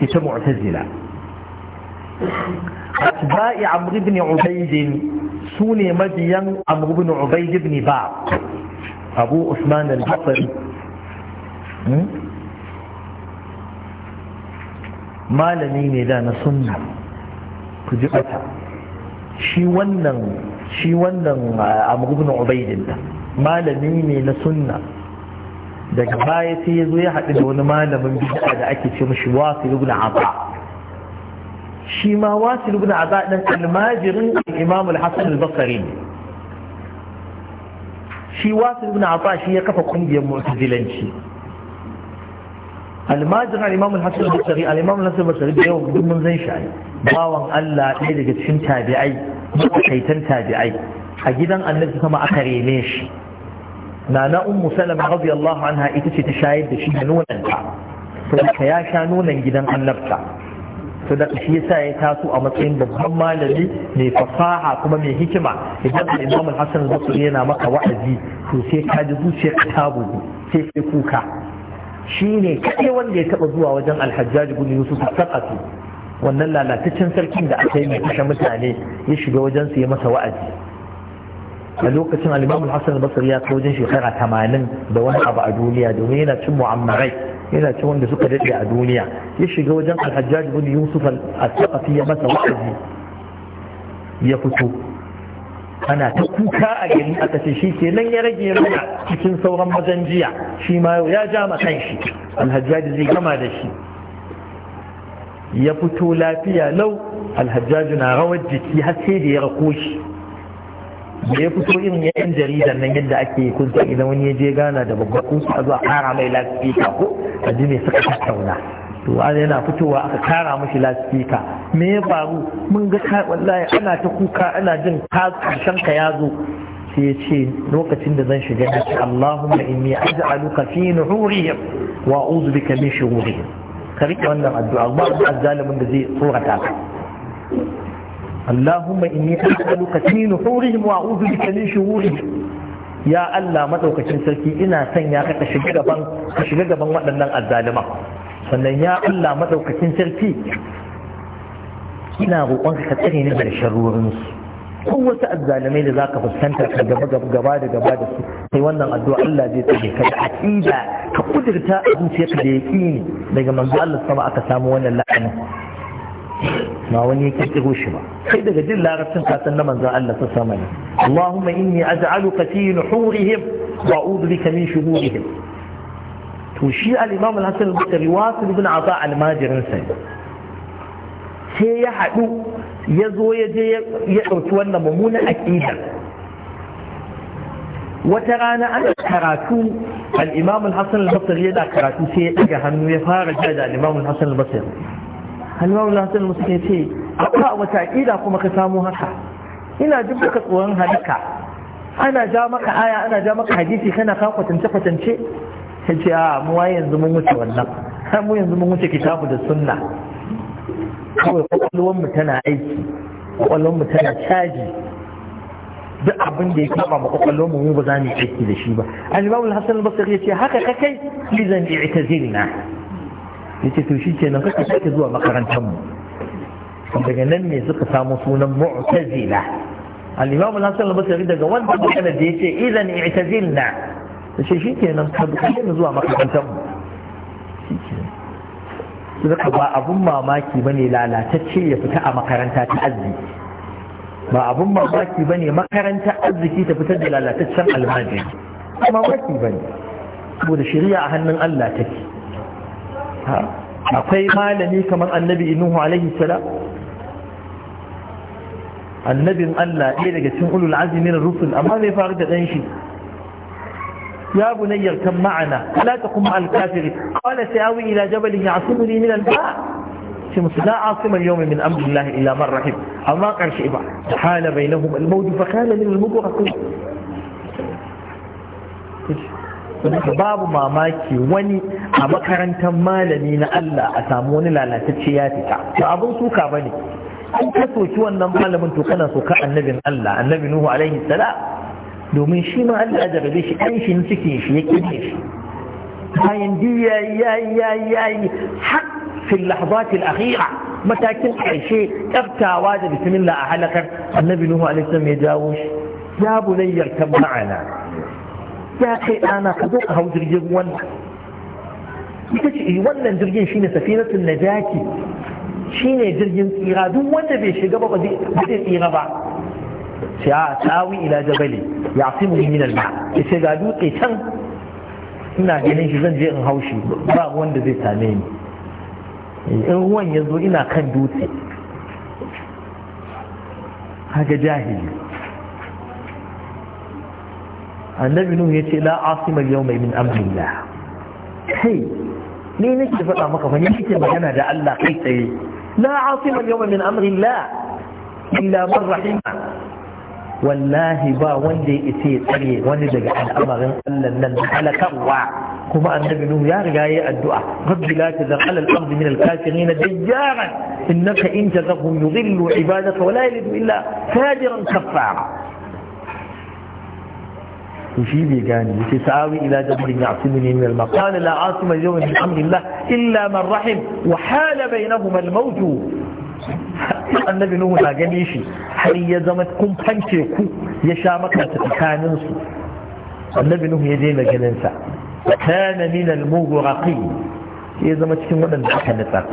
A: ita mu'tazila أتباع عمرو بن عبيد سوني مديا عمرو بن عبيد بن باع أبو عثمان البصري malami ne na sunna ku ji shi wannan shi wannan amrubin ubaidin da ne na daga baya sai ya zo ya haɗu da wani malamin bid'a da ake ce mashi wasu ibn abba shi ma wasil ibn azad dan almajirin imam al-hasan al-basri shi wasu ibn azad shi ya kafa kungiyar mu'tazilanci almajirin al-imam al-hasan al-basri al-imam al-hasan al-basri da yau duk mun zan shi bawan Allah ɗaya daga cikin tabi'ai kaitan tabi'ai a gidan annabi sama aka reme shi na na ummu salama radiyallahu anha ita ce ta shayar da shi da nunanta to ya sha nunan gidan annabta to da shi yasa ya taso a matsayin babban malami mai fasaha kuma mai hikima idan al-Imam Hassan basri yana maka wa'azi to sai ka ji zuciyar ta bugu sai sai kuka shine kai wanda ya taɓa zuwa wajen Alhajjaji hajjaj ibn Yusuf al wannan lalataccen sarkin da aka yi mai kashe mutane ya shiga wajen su ya masa wa'azi a lokacin al Hassan hasan basri ya kai wajen shekara 80 da wani abu a duniya domin yana cin mu'ammarai yana ce wanda suka daɗe a duniya ya shiga wajen alhajjaji wani yusuf al ya masa wa'azi ya fito ana ta kuka a gari aka ce shi ke nan ya rage mana cikin sauran mazan jiya shi ma ya ja ma kan shi alhajjaji zai gama da shi ya fito lafiya lau alhajjaji na rawar jiki har sai da ya rako shi da ya fito irin ya jaridar nan yadda ake kun idan wani ya je gana da babban kusa a zuwa kara mai lasfika ko a ji mai suka tattauna to an yana fitowa aka kara mashi lasfika me ya faru mun ga wallahi ana ta kuka ana jin karshen ka ya zo sai ya ce lokacin da zan shiga na ce Allahumma inni aj'aluka fi nuhurihim wa a'udhu bika min shururihim ka rike wannan addu'a ba zalimin da zai tsorata ka اللهم إني أسألك في نحورهم وأعوذ بك من شرورهم يا الله ما توكشن سلكي إنا سنيا كشجر بان كشجر بان وأنا الظالمة sannan ya Allah maɗaukacin sarki ina roƙonka ka tsare ni ko wasu azzalumai da zaka fuskanta ka gaba gaba da gaba da su sai wannan addu'a Allah zai tsare ka da aqida ka kudurta a zuciyarka da yaqini daga manzo Allah sama aka samu wannan la'ani ما وني كتغو شبا سيدا جدل لا رب سنقات النمن ذا الله تسامنا اللهم إني أجعلك في نحورهم وأعوذ بك من شرورهم توشيع الإمام الحسن البكري واصل بن عطاء الماجر نسي سيدا يحقو يزو يجي يحرسونا ممون أكيدا وترانا rana ana الإمام الحسن البصري hassan al-basir yana karatu sai الإمام الحسن البصري halmaru lasan musu ya ce a wata aƙida kuma ka samu haka ina jin baka tsoron halaka ana ja maka aya ana ja maka hadisi kana ka kwatance kwatance ya ce a mu yanzu mun wuce wannan har mu yanzu mun wuce kitabu da sunna kawai kwakwalwar mu tana aiki kwakwalwar mu tana caji duk abin da ya kama ma kwakwalwar mu mu ba za mu yi aiki da shi ba al-imam al-hasan al-basri ya ce haka kakai izan i'tazilna ya ce to shi ke nan kaka sake zuwa makarantarmu daga nan ne suka samu sunan mu'tazila al-imam na hasan al-basri daga wanda magana da yace idan i'tazilna shi shi ke nan ka zuwa makarantarmu su zaka ba abun mamaki bane lalatacce ya fita a makaranta ta arziki ba abun mamaki bane makaranta arziki ta fitar da lalataccen almajiri Ba mamaki bane saboda shari'a a hannun Allah take akwai malami kamar annabi inuhu alaihi salam annabin Allah ɗaya daga cikin ulul azmi na rusul amma zai faru da ɗan shi ya bunayyar kan ma'ana la taqum al kafiri qala sa'awi ila jabal ya'simuni min al ba' ce musu la asimar yau min amdillahi illa man rahim amma karshe ba hala bainahum al-maut fa kana
B: min al-mughrasin
A: babu mamaki wani a makarantar malami na Allah a samu wani lalatacce ya fita to abin suka bane an ka soki wannan malamin to kana soka annabin Allah annabi Nuhu alaihi salam domin shi ma Allah ya jarabe shi an shi cikin shi ya kike shi bayan di yayi yayi yayi har fil lahzat al akhira matakin karshe tsaftawa da bismillah a halakar annabi Nuhu alaihi salam ya jawo shi ya bunayyar kan ma'ana ya kai ɗana ka zo ka hau jirgin ruwan ita ce eh, wannan jirgin shine safinatul najati shine jirgin tsira duk wanda bai shiga ba ba zai tsira ba sai a ah, tawi ila jabali ya fi min alma ce ga dutse can ina ganin shi zan je in haushi ba wanda zai same ni eh, in ruwan ya zo ina kan dutse haga jahili annabi nuhu ya la asima al mai min amrillah kai ne nake faɗa maka fa ne kike magana da Allah kai tsaye la asima al min amrillah illa man rahima wallahi ba wanda ya isa ya tsare wani daga al'amarin Allah nan halakarwa kuma annabi nuhu ya riga yayi addu'a rabbi la tadhar ala al-ardi min al-kafirin dajjaran innaka in tadhum yudhillu ibadaka wa la yalidu illa fajiran kaffara to shi bai gane yace sa'awi ila jabalin ya'simuni min al-ma qala la asima yawma min amrillah illa man rahim wa hala bainahuma al-maut annabi nuhu na gane shi har ya zama kun fance ku ya sha maka tsakanin su annabi nuhu ya je na ganin sa kana min al-mughraqin ya zama cikin waɗanda aka nutsa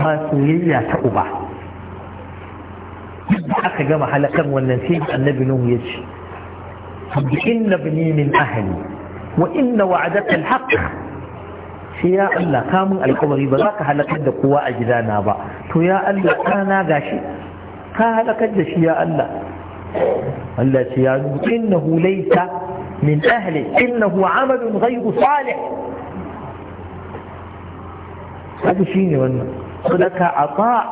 A: masoyayya ta uba حكى جمع حلقا والنسيب النبي نوم يجي بإن بني من أهلي وإن وعدك الحق يا الله كامل القبر بلاك حلقا قوى أجدانا با يا الله كانا غاشي كهلك الجشي يا الله الله سيانو إنه ليس من أهلي إنه عمل غير صالح هذا شيني وانا فلك عطاء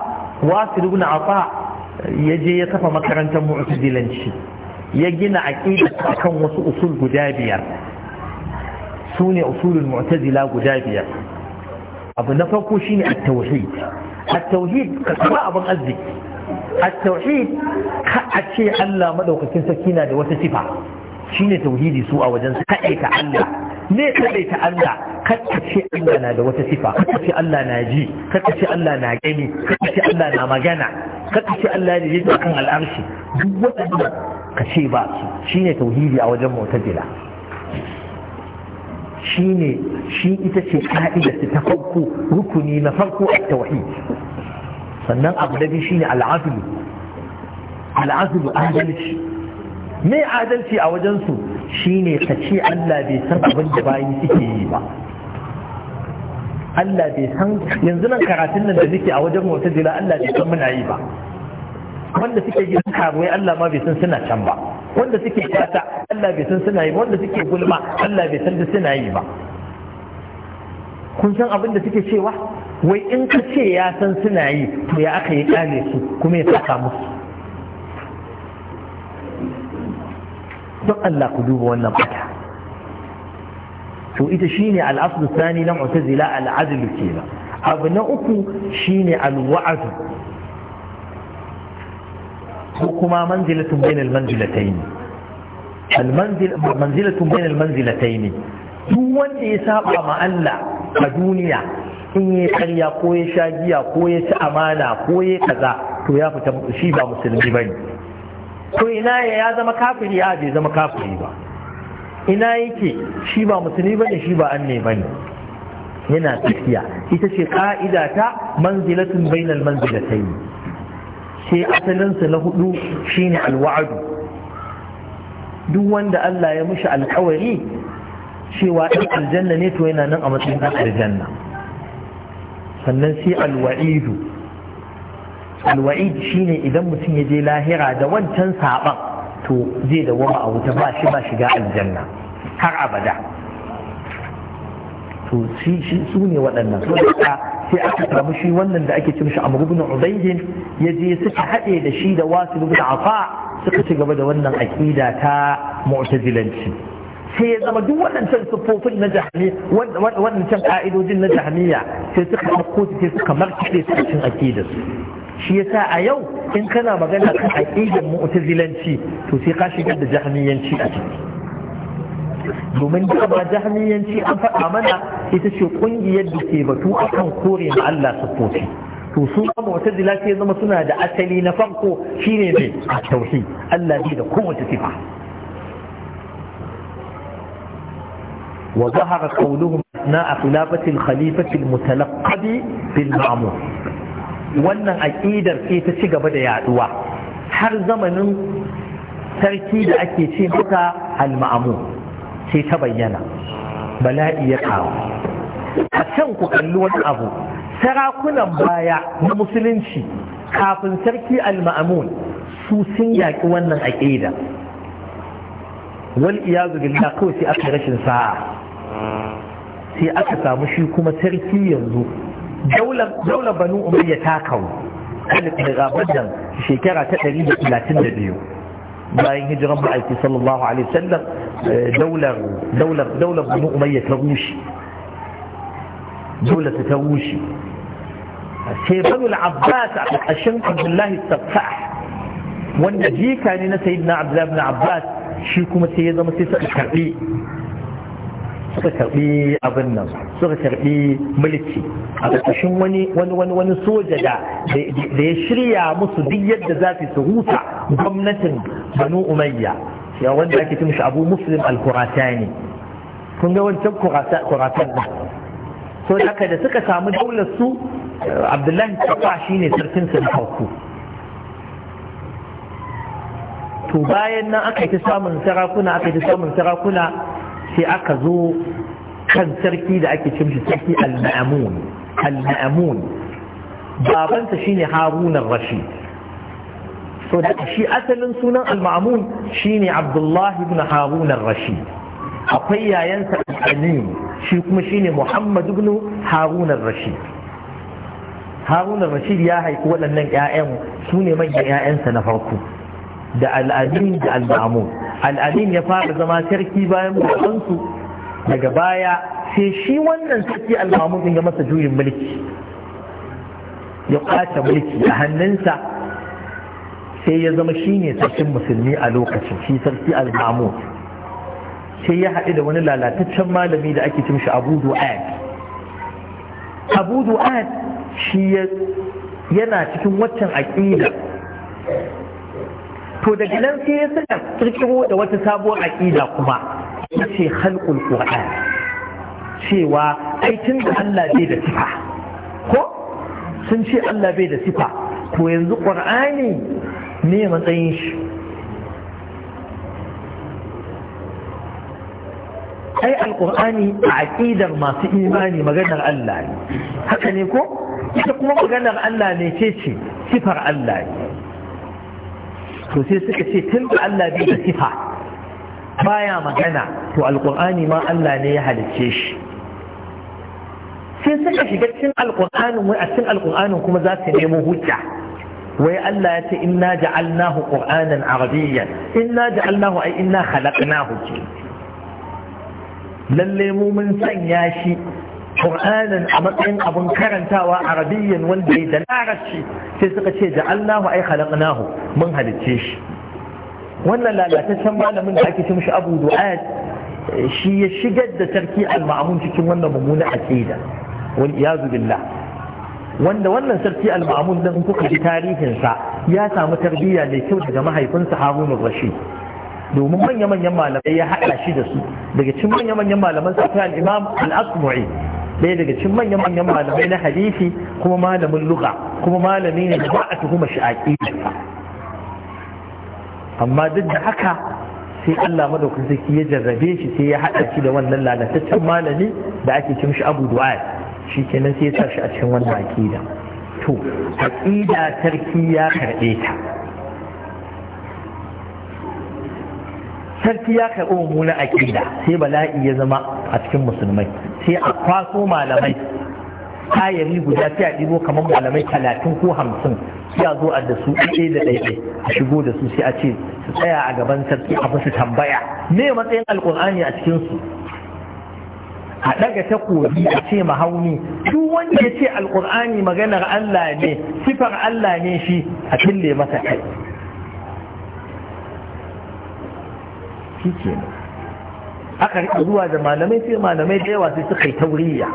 A: واصل ابن عطاء ya je ya kafa makarantar mu'tazilanci ya gina aqida kan wasu usul guda biyar su ne usulul mu'tazila guda biyar abu na farko shine at-tauhid at-tauhid ka kuma abin arziki at-tauhid ka a ce Allah madaukakin sarki na da wata sifa shine tauhidi su a wajen su kaɗai ta Allah ne kaɗai ta Allah kakka ce Allah na da wata sifa kakka ce Allah na ji kakka ce Allah na gani kakka ce Allah na magana kakka ce Allah ne yake kan al'arshi duk waɗannan ka ce ba su shine tauhidi a wajen mu'tazila shine shi ita ce ka'ida ta farko rukuni na farko a tauhid sannan abu da shine al'adlu al'adlu adalci me adalci a wajensu shine ka ce Allah bai san abin da bayi suke yi ba Allah bai san yanzu nan karatun nan da suke a wajen mutajila Allah bai san muna yi ba wanda suke gidan karuwai Allah ma bai san suna can ba wanda suke fata Allah bai san suna yi ba wanda suke gulma Allah bai san da suna yi ba kun san abin da suke cewa wai in ka ce ya san suna yi to ya aka yi kale su kuma ya saka musu don Allah ku duba wannan bata to ita shine al-asl thani na mu'tazila al-adl kenan abu na uku shine al-wa'd ko kuma manzilatun bainal manzilatayn al-manzil manzilatun bainal manzilatayn duk wanda ya saba ma Allah a duniya in ya karya ko ya sha giya ko ya ci amana ko ya kaza to ya fita shi ba musulmi bane to ina ya zama kafiri a bai zama kafiri ba ina yake shi ba musulmi ne, shi ba ba bane yana tafiya ita ce ka'ida ta manzilatun bainal manzilatai sai asalinsa na hudu shine alwa'adu duk wanda Allah ya mushi alkawari cewa ɗan aljanna ne to yana nan a matsayin ɗan aljanna sannan sai alwa'idu alwa'id shine idan mutum ya je lahira da wancan saban to zai da wama a wuta ba shi ba shiga aljanna har abada to shi su ne waɗannan sai aka samu shi wannan da ake cin shi amru ibn ubaydin ya je suka haɗe da shi da wasu ibn afa suka ci gaba da wannan aƙida ta mu'tazilanci sai ya zama duk waɗancan siffofin na jahami waɗancan ƙa'idojin na jahamiya sai suka ɗauko su sai suka markaɗe su cikin aƙidarsu shi yasa a yau in kana magana kan aqidar Zilanci, to sai ka shigar da jahmiyanci a ciki domin dama jahmiyanci an faɗa mana ita ce ƙungiyar da ke batu akan kore ma Allah siffofi to su ma Zilanci ya zama suna da asali na farko shine ne a tauhid Allah bai da kowace sifa وظهر قولهم أثناء خلافة الخليفة المتلقب بالمعمور wannan aƙidar sai ta ci gaba da yaduwa har zamanin sarki da ake ce maka al-ma'amu sai ta bayyana bala'i ya kawo a can ku kalli wani abu sarakunan baya na musulunci kafin sarki al-ma'amun su sun yaƙi wannan aƙida wal iyazu billah kawai sai aka rashin sa'a sai aka samu shi kuma sarki yanzu daular banu umayya ta kawo daga wannan shekara ta 132 bayan hijiran ma'aiki sallallahu alaihi wasallam eh, daular daular daular banu umayya ta rushe daular ta rushe sai banu al-abbas a ƙarƙashin abdullahi tafsah wanda jika ne na sayyidina abdullahi abbas shi kuma sai ya zama sai sa karbi suka karbi abin nan suka karbi mulki a ƙarƙashin wani wani wani wani soja da da ya shirya musu duk yadda za su huta gwamnatin banu umayya ya wanda ake cin shi abu muslim al-kuratani kun ga wancan kuratan da so da haka da suka samu daular su abdullahi tafa shine sarkin su na farko to bayan nan aka ta samun sarakuna aka ta samun sarakuna sai aka zo kan sarki da ake cin shi sarki al-ma'amun al-ma'amun babansa shine harun rashid so da shi asalin sunan al-ma'amun shine abdullah ibn harun rashid akwai yayansa al-amin shi kuma shine muhammad ibn harun rashid harun rashid ya haifi waɗannan ƴaƴan su ne manyan ƴaƴansa na farko da al da al-ma'amun al'adin ya fara zama sarki bayan babansu daga baya sai shi wannan sarki al-mahmud ya masa juyin mulki ya kwace mulki a hannunsa sai ya zama shi ne sarkin musulmi a lokacin shi sarki al sai ya haɗu da wani lalataccen malami da ake cimshi abu du'ad abu du'ad shi yana cikin waccan aƙida to daga nan sai ya suka kirkiro da wata sabuwar aƙida kuma ya ce halqul qur'an cewa ai da Allah bai da sifa ko sun ce Allah bai da sifa to yanzu qur'ani ne matsayin shi ai alqur'ani a aqidar masu imani maganar Allah ne haka ne ko ita kuma maganar Allah ne ce ce sifar Allah ne to sai suka ce tun da Allah biyu da sifa baya magana to alqur'ani ma Allah ne ya halicce shi sai suka shiga cikin alqur'anin wai a cikin alqur'anin kuma za su nemo hujja wai Allah ya ce inna ja'alnahu qur'anan arabiyyan inna ja'alnahu ay inna khalaqnahu lalle mu mun sanya shi
B: Qur'anin
A: a matsayin abun karantawa arabiyyan wanda ya da
B: sai
A: suka ce ja'alnahu ai khalaqnahu mun halicce shi wannan lalataccen malamin da ake cin shi Abu Du'ad shi ya shigar da sarki al maamun cikin wannan mummuna aqida wal iyazu billah wanda wannan sarki al maamun din kuka ji tarihin sa ya samu tarbiyya mai kyau daga mahaifinsa Harun al-Rashid domin manya-manyan malamai ya haɗa shi da su daga cikin manya-manyan malaman sa akwai al-Imam al-Asmu'i ɗaya daga cikin manyan manyan malamai na hadisi kuma malamin lugha kuma malami ne da ba a tuhuma shi a amma duk da haka sai Allah madaukakin sarki ya jarrabe shi sai ya haɗa shi da wannan lalataccen malami da ake cin shi Abu Du'ad shi kenan sai ya sa shi a cikin wannan aqida to aqida sarki ya karɓe ta sarki ya karɓi mummuna aqida sai bala'i ya zama a cikin musulmai sai a kwaso malamai tayari guda sai a ɗigo kamar malamai talatin ko hamsin sai a zo a da su ɗaya da ɗaya a shigo da su sai a ce su tsaya a gaban sarki a musu tambaya me matsayin alƙur'ani a cikin su a ɗaga takobi a ce mahauni duk wanda ya ce alƙur'ani maganar Allah ne sifar Allah ne shi a kille masa kai aka rika zuwa da malamai sai malamai da yawa sai suka yi tauriya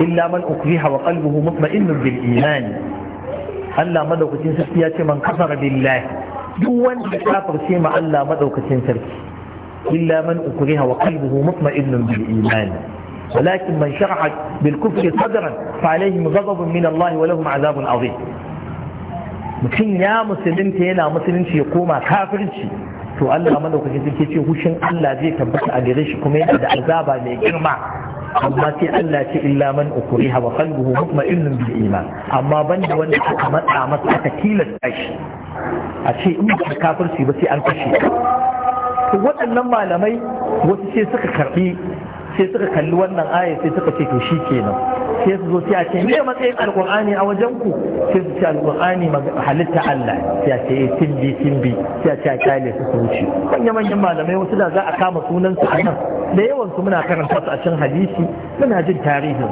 A: illa man ukriha wa qalbuhu mutma'innun bil iman Allah madaukakin sarki ya ce man kafara billahi duk wanda ya kafirce ma Allah madaukakin sarki illa man ukriha wa qalbuhu mutma'innun bil imani ولكن من شرح بالكفر صدرا فعليهم غضب من الله ولهم عذاب عظيم mutum ya musulunta yana musulunci ya koma kafirci to Allah madaukakin sarki ce hushin Allah zai tabbata a gare shi kuma yana da azaba mai girma amma sai Allah ce illa man ukriha wa qalbuhu mutma'innun bil iman amma banda wanda aka matsa masa aka tilasta shi a ce in ba kafirci ba sai an kashe to waɗannan malamai wasu sai suka karbi sai suka kalli wannan aya sai suka ce to shi kenan sai su zo sai a ce me matsayin alqur'ani a wajen ku sai su ce alqur'ani halitta Allah sai a ce timbi eh, timbi sai a ce a kyale su su wuce manya manyan malamai wasu da za a kama sunan su a nan da yawan su muna karanta su a cikin hadisi muna jin tarihin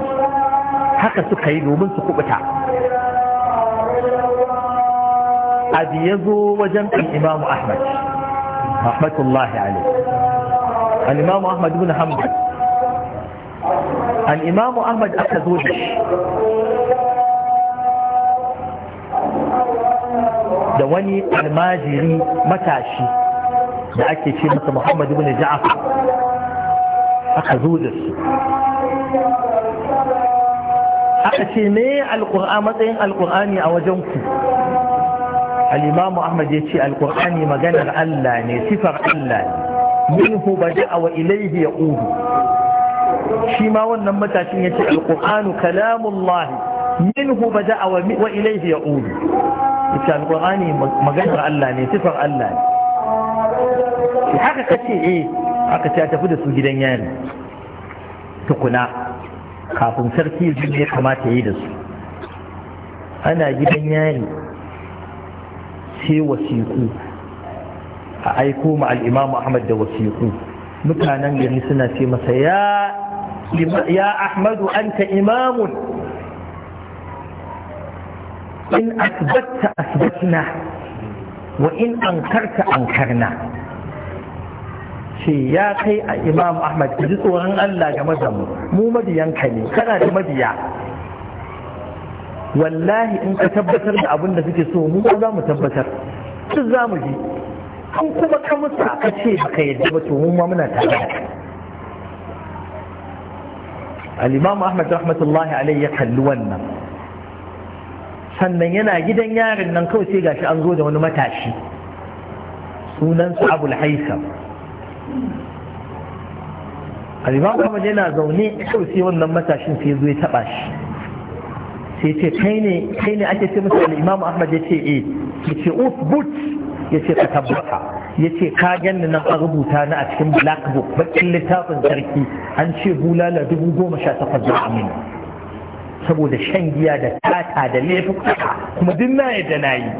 A: haka suka yi domin su kubuta abu ya zo wajen imam ahmad rahmatullahi alaihi al-imamu ahmad ibn hanbal al'imamu ahmad aka zo da shi da wani almajiri matashi da ake ce masa muhammad ibn ja'afar aka zo da su aka ce me alƙur'a matsayin alƙur'ani a wajen ku al'imamu ahmad ya ce alƙur'ani maganar allah ne sifar allah ne minhu bada wa ilaihi ya ƙudu shi ma wannan matashin ya ce alƙur'anu kalamullahi minhu bada wa ilaihi ya'udu ita alƙur'ani maganar Allah ne sifar Allah
B: ne haka kace eh
A: haka ta tafi da su gidan yari tukuna kafin sarki zai ya kamata yi da su ana gidan yari sai wasiƙu a aiko ma al'imamu Ahmad da wasiƙu mutanen gari suna ce masa ya يا أحمد أنت إمام إن أثبتت أثبتنا وإن أنكرت أنكرنا ce ya kai a imam ahmad ji tsoron allah game da mu mu madiyanka ne kana da madiya wallahi in ka tabbatar da abin da suke so mu za mu tabbatar duk za mu ji an kuma ka musu aka ce baka yadda ba to mu ma muna tare da alimam ahmad rahmatullahi alai ya kalli wannan sannan yana gidan yarin nan kawai sai gashi an zo da wani matashi sunansa abul haisam al'imamu ahmad yana zaune kawai sai wannan matashin sai zo ya taba shi sai ce kai ne ake ce masa alimam ahmad ya ce eh ya ce but ya ce ka tabbata ya ce ka ganni nan a rubuta na a cikin black book bakin littafin sarki an ce bulala dubu goma sha takwas za a mini saboda shan giya da tata da laifuka kuma duk na yadda na yi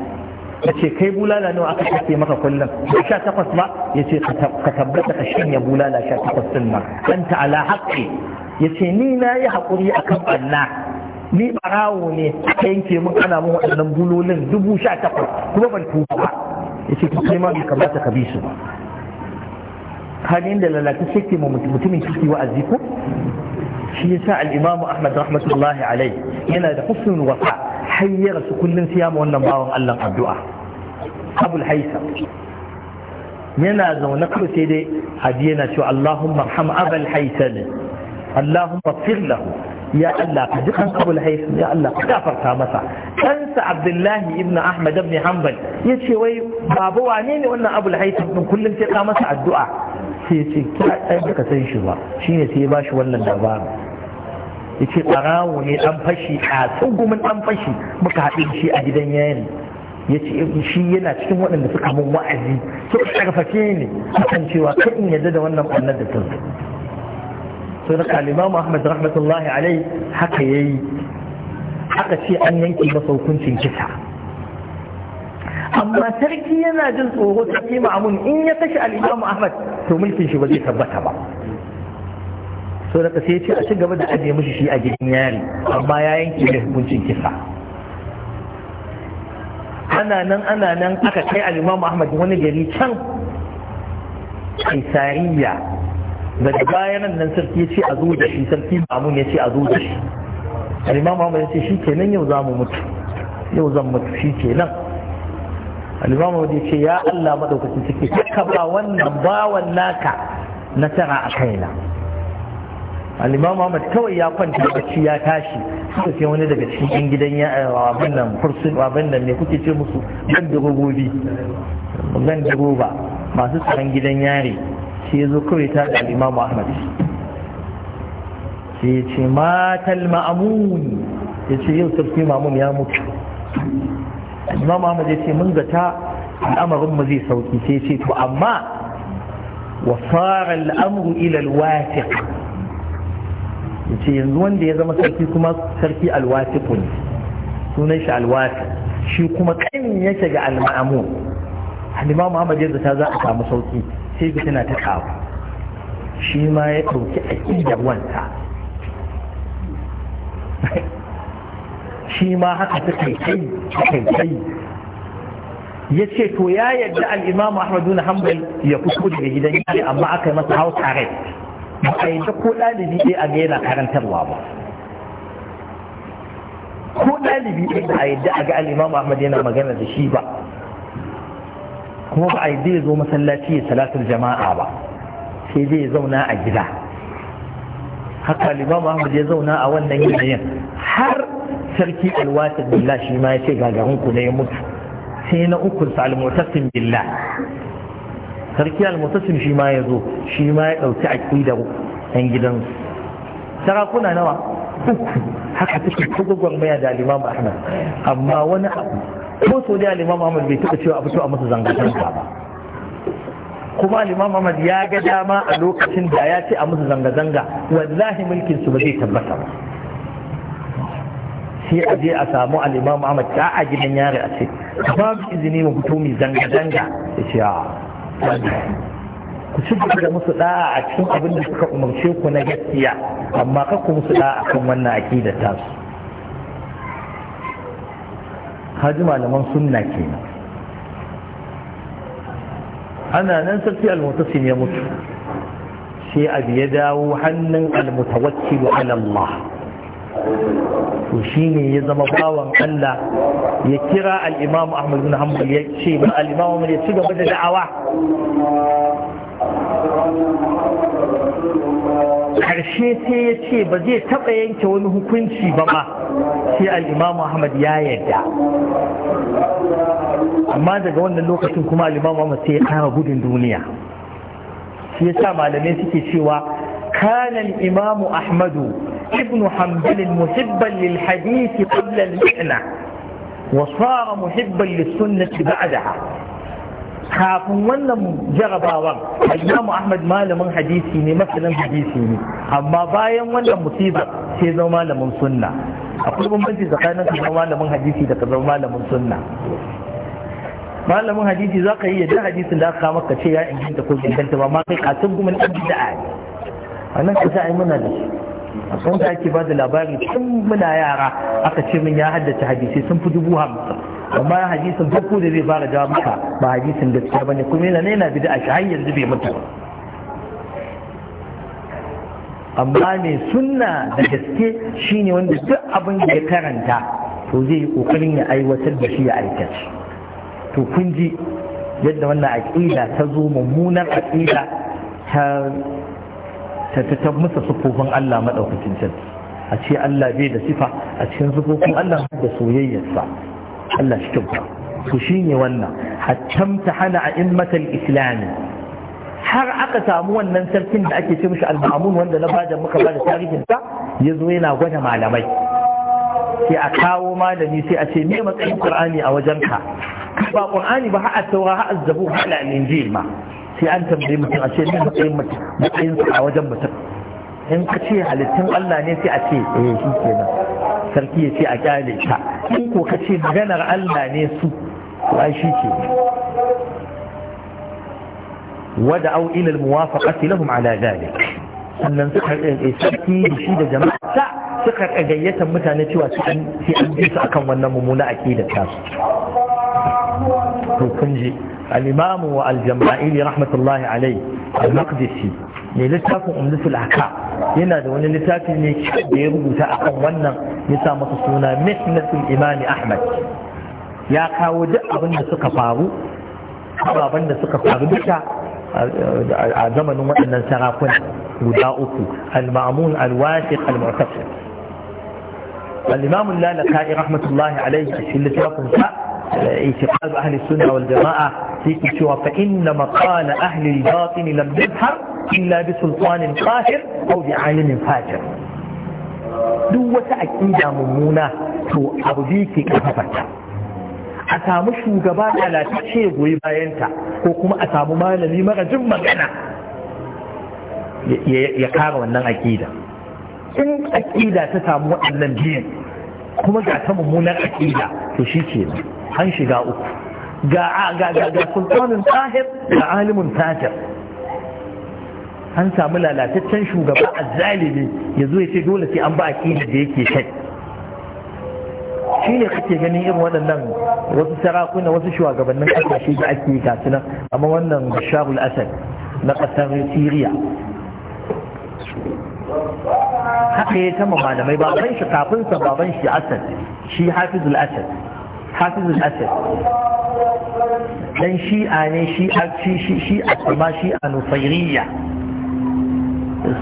A: ya ce kai bulala nawa aka kake maka kullum ba sha takwas ba ya ce ka tabbata ka shanya bulala sha takwas din nan ɗanta ala haƙƙi ya ce ni na yi haƙuri a kan ɓanna ni ɓarawo ne ka yanke mun ana mun waɗannan bulolin dubu sha takwas kuma ban tuba ba yace to kai ma bai kamata ka bi su ba halin da lalata shake mu mutumin kiki wa'azi ko shi yasa al-Imam Ahmad rahmatullahi alai yana da husnul wafa hayyar su kullun siyama wannan bawan Allah addu'a Abul Haisam yana zaune kawai sai dai hadi yana cewa Allahumma arham Abul Haisam Allahumma fir lahu ya Allah ka ji kan abul ya Allah ka gafarta masa Ɗansa abdullahi ibn ahmad ibn hanbal ya ce wai babu wane ne wannan abul haif din kullum sai ka masa addu'a sai ya ce kira ɗaya san shi ba shine sai ya bashi wannan labarin ya ce ɓarawo ne ɗan fashi a tsugumin ɗan fashi muka haɗe shi a gidan yayin ya ce shi yana cikin waɗanda suka mun wa'azi suka ƙarfafe ne akan cewa kan yadda da wannan ɓannar da ta sai da al'imamu ahmad rahmatullahi alai haka ya yi haka ce an yanki masa hukuncin kisa amma sarki yana jin tsoro ta kima amun in ya kashe al'imamu ahmad to mulkin shi ba zai tabbata ba sau da sai ya ce a ci gaba da ajiye mishi shi a gidan yari amma ya yanki da hukuncin kisa ana nan ana nan aka kai al'imamu ahmad wani gari can kaisariya daga bayanan nan sarki ya ce a zo da shi sarki mamun ya ce a zo da shi al'imam mamun ya ce shi kenan yau za mu mutu yau zan mutu shi kenan al'imam mamun ya ce ya Allah maɗaukacin suke ka ba wannan bawan naka tara a kaina al'imam mamun kawai ya kwanta bacci ya tashi suka ce wani daga cikin yan gidan ya eh, abin nan abin nan ne kuke ce musu gandarobobi gandaroba masu tsaron gidan yare Shi ya zo kawai ta da imamu ahmad shi ya ce matal ma'amun ya ce yau sarki mamun ya mutu imamu ahmad ya ce mun zata al'amarinmu zai sauki sai ya ce to amma wa fara al'amuru ilal wafiq ya ce yanzu wanda ya zama sarki kuma sarki alwafiqu ne sunan shi alwafiq shi kuma kan yake ga al-ma'amun al-imamu ahmad ya zata za a samu sauki sai ga tana ta kawo shi ma ya ɗauki aƙidar wanta
B: shi ma haka ta kai kai kai kai
A: ya ce to ya yadda al'imamu ahmadu na hanbal ya fito daga gidan yari amma aka yi masa house arrest ba a yadda ko ɗalibi ɗaya a ga yana karantarwa ba ko ɗalibi ɗaya ba a yadda a ga al'imamu ahmadu yana magana da shi ba kuma ba a yi zai zo masallaci ya salatar jama'a ba sai zai zauna a gida haka limamu ahmad ya zauna a wannan yanayin har sarki alwatin billah shi ma ya ce gagarin ku ne ya mutu sai na ukun sa almutasim billah sarki almutasim shi ma ya zo shi ma ya dauki aqidar yan gidansu sarakuna nawa uku haka take ta gwagwarmaya da limamu ahmad amma wani abu ko so da Imam Ahmad bai taɓa cewa a fito a masa zanga-zanga ba kuma Imam Ahmad ya ga dama a lokacin da ya ce a masa zanga-zanga wallahi mulkin su ba zai tabbata ba sai a je a samu al-Imam Ahmad ta a gidan yare a ce babu izini mu fito mu zanga-zanga ya ce a ah, ku ci gaba da musu da'a a cikin abin da suka umarce ku na gaskiya amma ka ku musu da'a kan wannan aqidar tasu haji malaman sunna kenan ana nan sarki almutasim ya mutu sai abu ya dawo hannun almutawakkilu ala Allah to ne ya zama bawan Allah ya kira al-Imam Ahmad ya ce ba ya ci gaba da da'awa karshe sai ya ce ba zai taɓa yanke wani hukunci ba ma sai al'imamu ya yarda amma daga wannan lokacin kuma al'imamu ahmad sai ya kama gudun duniya shi yasa malamai suke cewa kanan imamu ahmadu ibnu hanbal muhibban lil hadisi qabla al-mi'na wa sara muhibban lis-sunnati ba'daha kafin wannan jarabawar imamu ahmad malamin hadisi ne masanin hadisi ne amma bayan wannan musibar sai zama malamin sunna akwai bambanci tsakanin ka zama malamin hadisi da ka zama malamin sunna malamin hadisi za ka yi yadda hadisin da aka maka ce ya inganta ko inganta ba ma kai katin na ɗan bid'a ne a nan ka za a muna da shi a sun ake ba da labari tun muna yara aka ce min ya haddace hadisi sun fi dubu hamsin amma hadisin farko da zai fara jawo maka ba hadisin gaskiya bane kuma yana yana bid'a shi har yanzu bai mutu amma mai sunna da gaske shine wanda duk abin da ya karanta to zai yi kokarin ya aiwatar da shi ya aikace to kun ji yadda wannan aƙida ta zo mummunar aƙida ta ta musa sufofin Allah maɗaukacin sarki a ce Allah bai da sifa a cikin sufofin Allah da soyayyarsa Allah shi kyauta to shine wannan hatta hana a immatal islami har aka samu wannan sarkin da ake ce mishi al-ma'mun wanda na bada muka bada tarihin Ya zo yana gwada malamai sai a kawo malami sai a ce me matsayin qur'ani a wajenka ba qur'ani ba har at-taura har az-zabur har al-injil ma sai an tambaye mutum a ce me matsayin mutum matsayin sa a wajen mutum in ka ce halittun Allah ne sai a ce eh shi kenan sarki ya ce a kyale ta in ko ka ce maganar Allah ne su ba shi ke wada au ilal muwafaqati lahum ala dhalik sannan suka sarki da shi da jama'a ta suka gayyatar mutane cewa sai an bi su akan wannan mummuna aqidar ta to kun ji al-imam wa al-jama'ili rahmatullahi alayhi al-maqdisi ne littafin umdatul aka yana da wani littafi ne da ya rubuta akan wannan ya sa masa suna mihlatul imami ahmad ya kawo duk abin da suka faru ababen da suka faru duka a zamanin waɗannan sarakuna guda uku al-ma'mun al-wasiq al-mu'tasim al-imam al-lalaka'i rahmatullahi alayhi fi littafin sa i'tiqad ahli sunna wal jama'a yake cewa fa inna maqal ahli al-batin lam yadhhar illa bi sultanin qahir aw bi alimin fajir duk wata aƙida mummuna to abu biyu ke ƙarfafarta a samu shugaba lalatacce goyi bayanta ko kuma a samu malami mara jin magana ya kara wannan aƙida in aƙida ta samu waɗannan biyan kuma ga ta mummunar aƙida to shi ke an shiga uku ga ga sultanin tahir ga alimin tajir an samu lalataccen shugaba a zalimi ya zo ya ce dole sai an ba a kini da yake kai shi ne kake ganin irin waɗannan wasu sarakuna wasu shugabannin ƙasashe da ake ga su nan amma wannan bashar asad na ƙasar siriya haka ya sama malamai baban shi sa baban shi asad shi hafizul asad hafizul asad dan shi'a ne shi'a shi shi shi a shi'a nufairiyya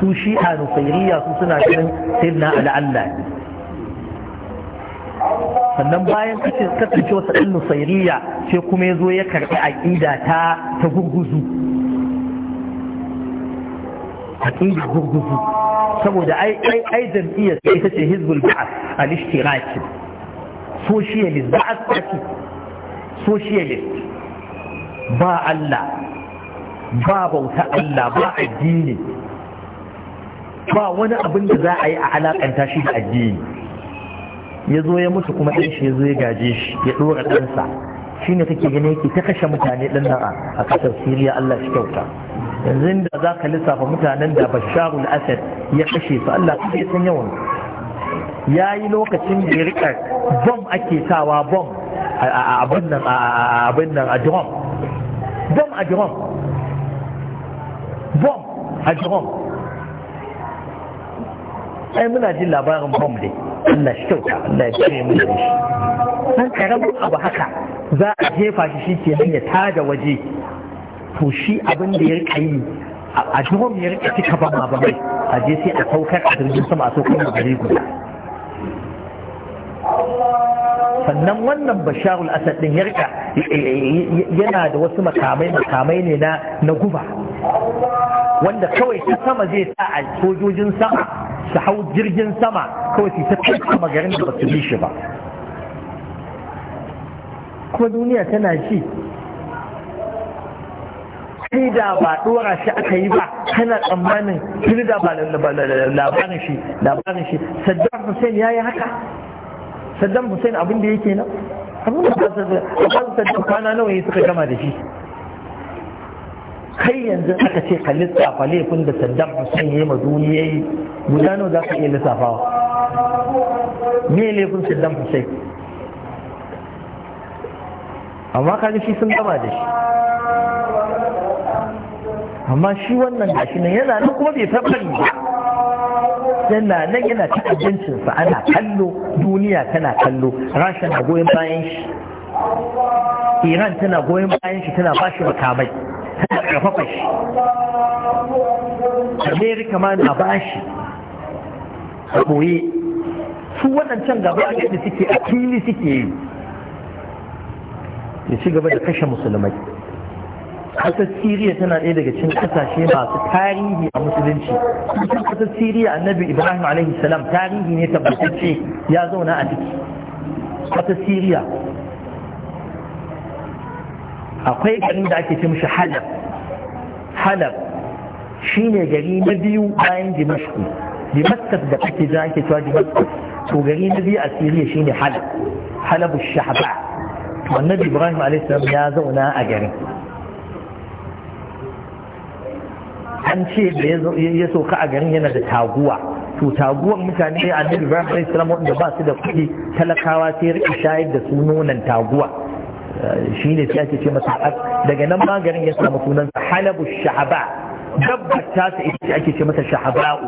A: su shi'a nusairiya su suna ganin sayyidina na Allah sannan bayan kasance wasu ɗan nusairiya sai kuma ya zo ya karɓi aƙida ta ta gurguzu aƙida gurguzu saboda ai ai ai jam'iyyar ita ce hizbul ba'ath al-ishtiraki socialist socialist ba Allah ba bauta Allah ba addini ba wani abin da za a yi a alakanta shi da addini ya zo ya mutu kuma ɗan shi ya zo ya gaje shi ya ɗora ɗansa shi ne kake gani yake ta kashe mutane ɗin nan a ƙasar siriya allah shi kyauta yanzu da za ka lissafa mutanen da basharul asad ya kashe su allah ka ya san yawan ya yi lokacin da ya riƙa bom ake sawa bom a abin nan a abin nan a drum bom a drum bom a drum ai muna jin labarin bom ne. Allah shi kyauta Allah ya kire mu da shi san karamin abu haka za a jefa shi shi ke hanya ya tada waje to shi abin da ya rika yi a jihon ya rika cika ba ma ba mai a je sai a saukar a jirgin sama a saukar da gare guda sannan wannan basharul asad din ya rika yana da wasu makamai makamai ne na guba wanda kawai ta sama zai sa a sojojin sama su hau jirgin sama kawai su ta kama garin da ba su bi shi ba kuma duniya tana shi, sai da ba dora shi aka yi ba tana tsammanin tuni da ba labarin shi labarin shi saddam hussein ya yi haka saddam hussein abin da yake nan abin da saddam kwana nawa ya suka gama da shi
B: kai yanzu aka
A: ce ka lissafa laifin da saddam hussein ya yi ma duniya yi gudano za ka iya lissafawa
B: me laifin saddam hussein
A: amma kaga shi sun gama da shi amma shi wannan gashi nan yana nan kuma bai tabbari ba yana nan yana ta abincinsa ana kallo duniya tana kallo rasha na goyon bayan
B: shi
A: iran tana goyon bayan shi tana ba shi makamai tana ƙarfafa shi
B: amerika ma na ba shi a ɓoye su
A: waɗancan gaba a yadda suke a fili suke yi ya ci gaba da kashe musulmai ƙasar siriya tana ɗaya daga cikin ƙasashe masu tarihi a musulunci cikin ƙasar siriya annabi ibrahim alaihi salam tarihi ne tabbatacce ya zauna a ciki ƙasar siriya akwai garin da ake ce mishi halab shi ne gari na biyu bayan dimashku dimashkas da kake za ake cewa dimashkas to gari na biyu a siriya shine halab halabu shahaba to annabi ibrahim alaihissalam ya zauna a garin an ce da ya sauka a garin yana da taguwa to taguwar mutane annabi ibrahim alaihissalam wanda ba su da kuɗi talakawa sai rika shayar da su nonon taguwa shi ne sai ake ce masa daga nan maganin ya samu sunansa halabu shahaba dabbar ta sa ita ake ce masa shahaba'u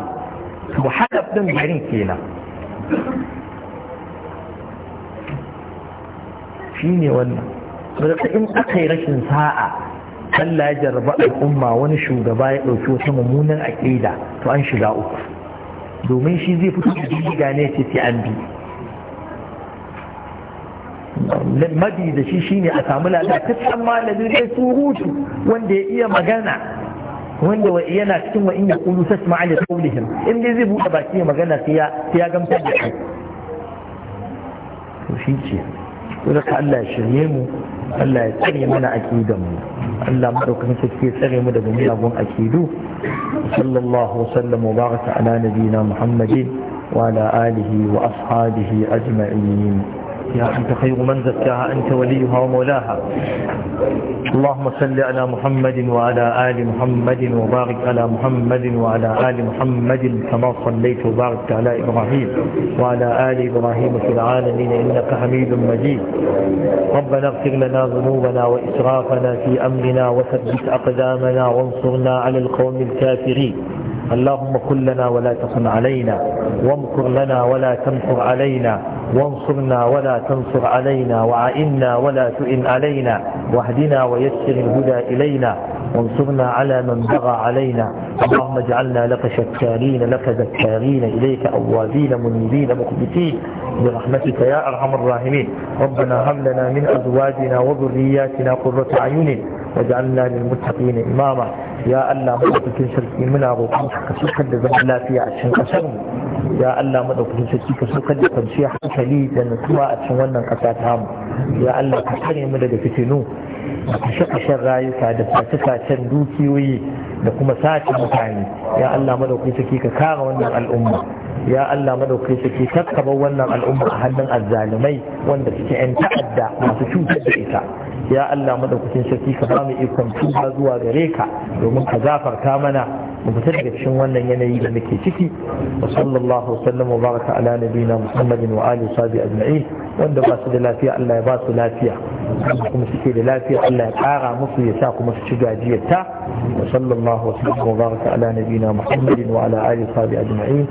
A: to halab din garin kenan shi ne wannan saboda in aka yi rashin sa'a Allah ya jarraba al'umma wani shugaba ya ɗauki wata mummunan aƙida to an shiga uku domin shi zai fito da gane ne ce sai an bi madi da shi shine a samu lalataccen malami mai surutu wanda ya iya magana wanda yana cikin wa in ya kulu tasma'a li qawlihim in dai zai buɗe baki ya magana sai ya sai ya gamsar da kai to shi ce saboda Allah ya shirye mu Allah ya tsare mana aqidan mu Allah madaukakin sarki ya tsare mu daga miyagun aqidu sallallahu wa sallam wa baraka ala nabiyina muhammadin wa ala alihi wa ashabihi ajma'in يا أنت خير من زكاها أنت وليها ومولاها اللهم صل على محمد وعلى آل محمد وبارك على محمد وعلى آل محمد كما صليت وباركت على إبراهيم وعلى آل إبراهيم في العالمين إنك حميد مجيد ربنا اغفر لنا ذنوبنا وإسرافنا في أمرنا وثبت أقدامنا وانصرنا على القوم الكافرين اللهم كن لنا ولا تكن علينا وامكر لنا ولا تمكر علينا وانصرنا ولا تنصر علينا وعئنا ولا تئن علينا واهدنا ويسر الهدى إلينا وانصرنا على من بغى علينا اللهم اجعلنا لك شكارين لك ذكارين إليك أوابين منيبين مخبتين برحمتك يا أرحم الراحمين ربنا هب لنا من أزواجنا وذرياتنا قرة أعين واجعلنا للمتقين إماما ya Allah madaukakin sarki muna roƙon ka sukar da zaman lafiya a cikin ƙasar mu ya Allah madaukakin sarki ka sukar da kwanciyar hankali da nutsuwa a cikin wannan ƙasa ta ya Allah ka kare mu daga fitinu da kashe-kashen rayuka da sace-sacen dukiyoyi da kuma sace mutane ya Allah madaukakin sarki ka kare wannan al'umma ya Allah madaukai saki kakkaban wannan al'umma a hannun azzalumai wanda suke yan ta'adda masu cutar da ita ya Allah madaukakin saki ka ba mu ikon tuba zuwa gare ka domin ka gafarta mana mu fita daga cikin wannan yanayi da muke ciki wa sallallahu wasallam wa baraka ala nabiyina muhammadin wa alihi sabi ajma'in wanda ba su da lafiya Allah ya ba su lafiya kuma suke da lafiya Allah ya kara musu ya sa kuma su ci gajiyar ta wa sallallahu wasallam wa baraka ala nabiyina muhammadin wa ala alihi sabi ajma'in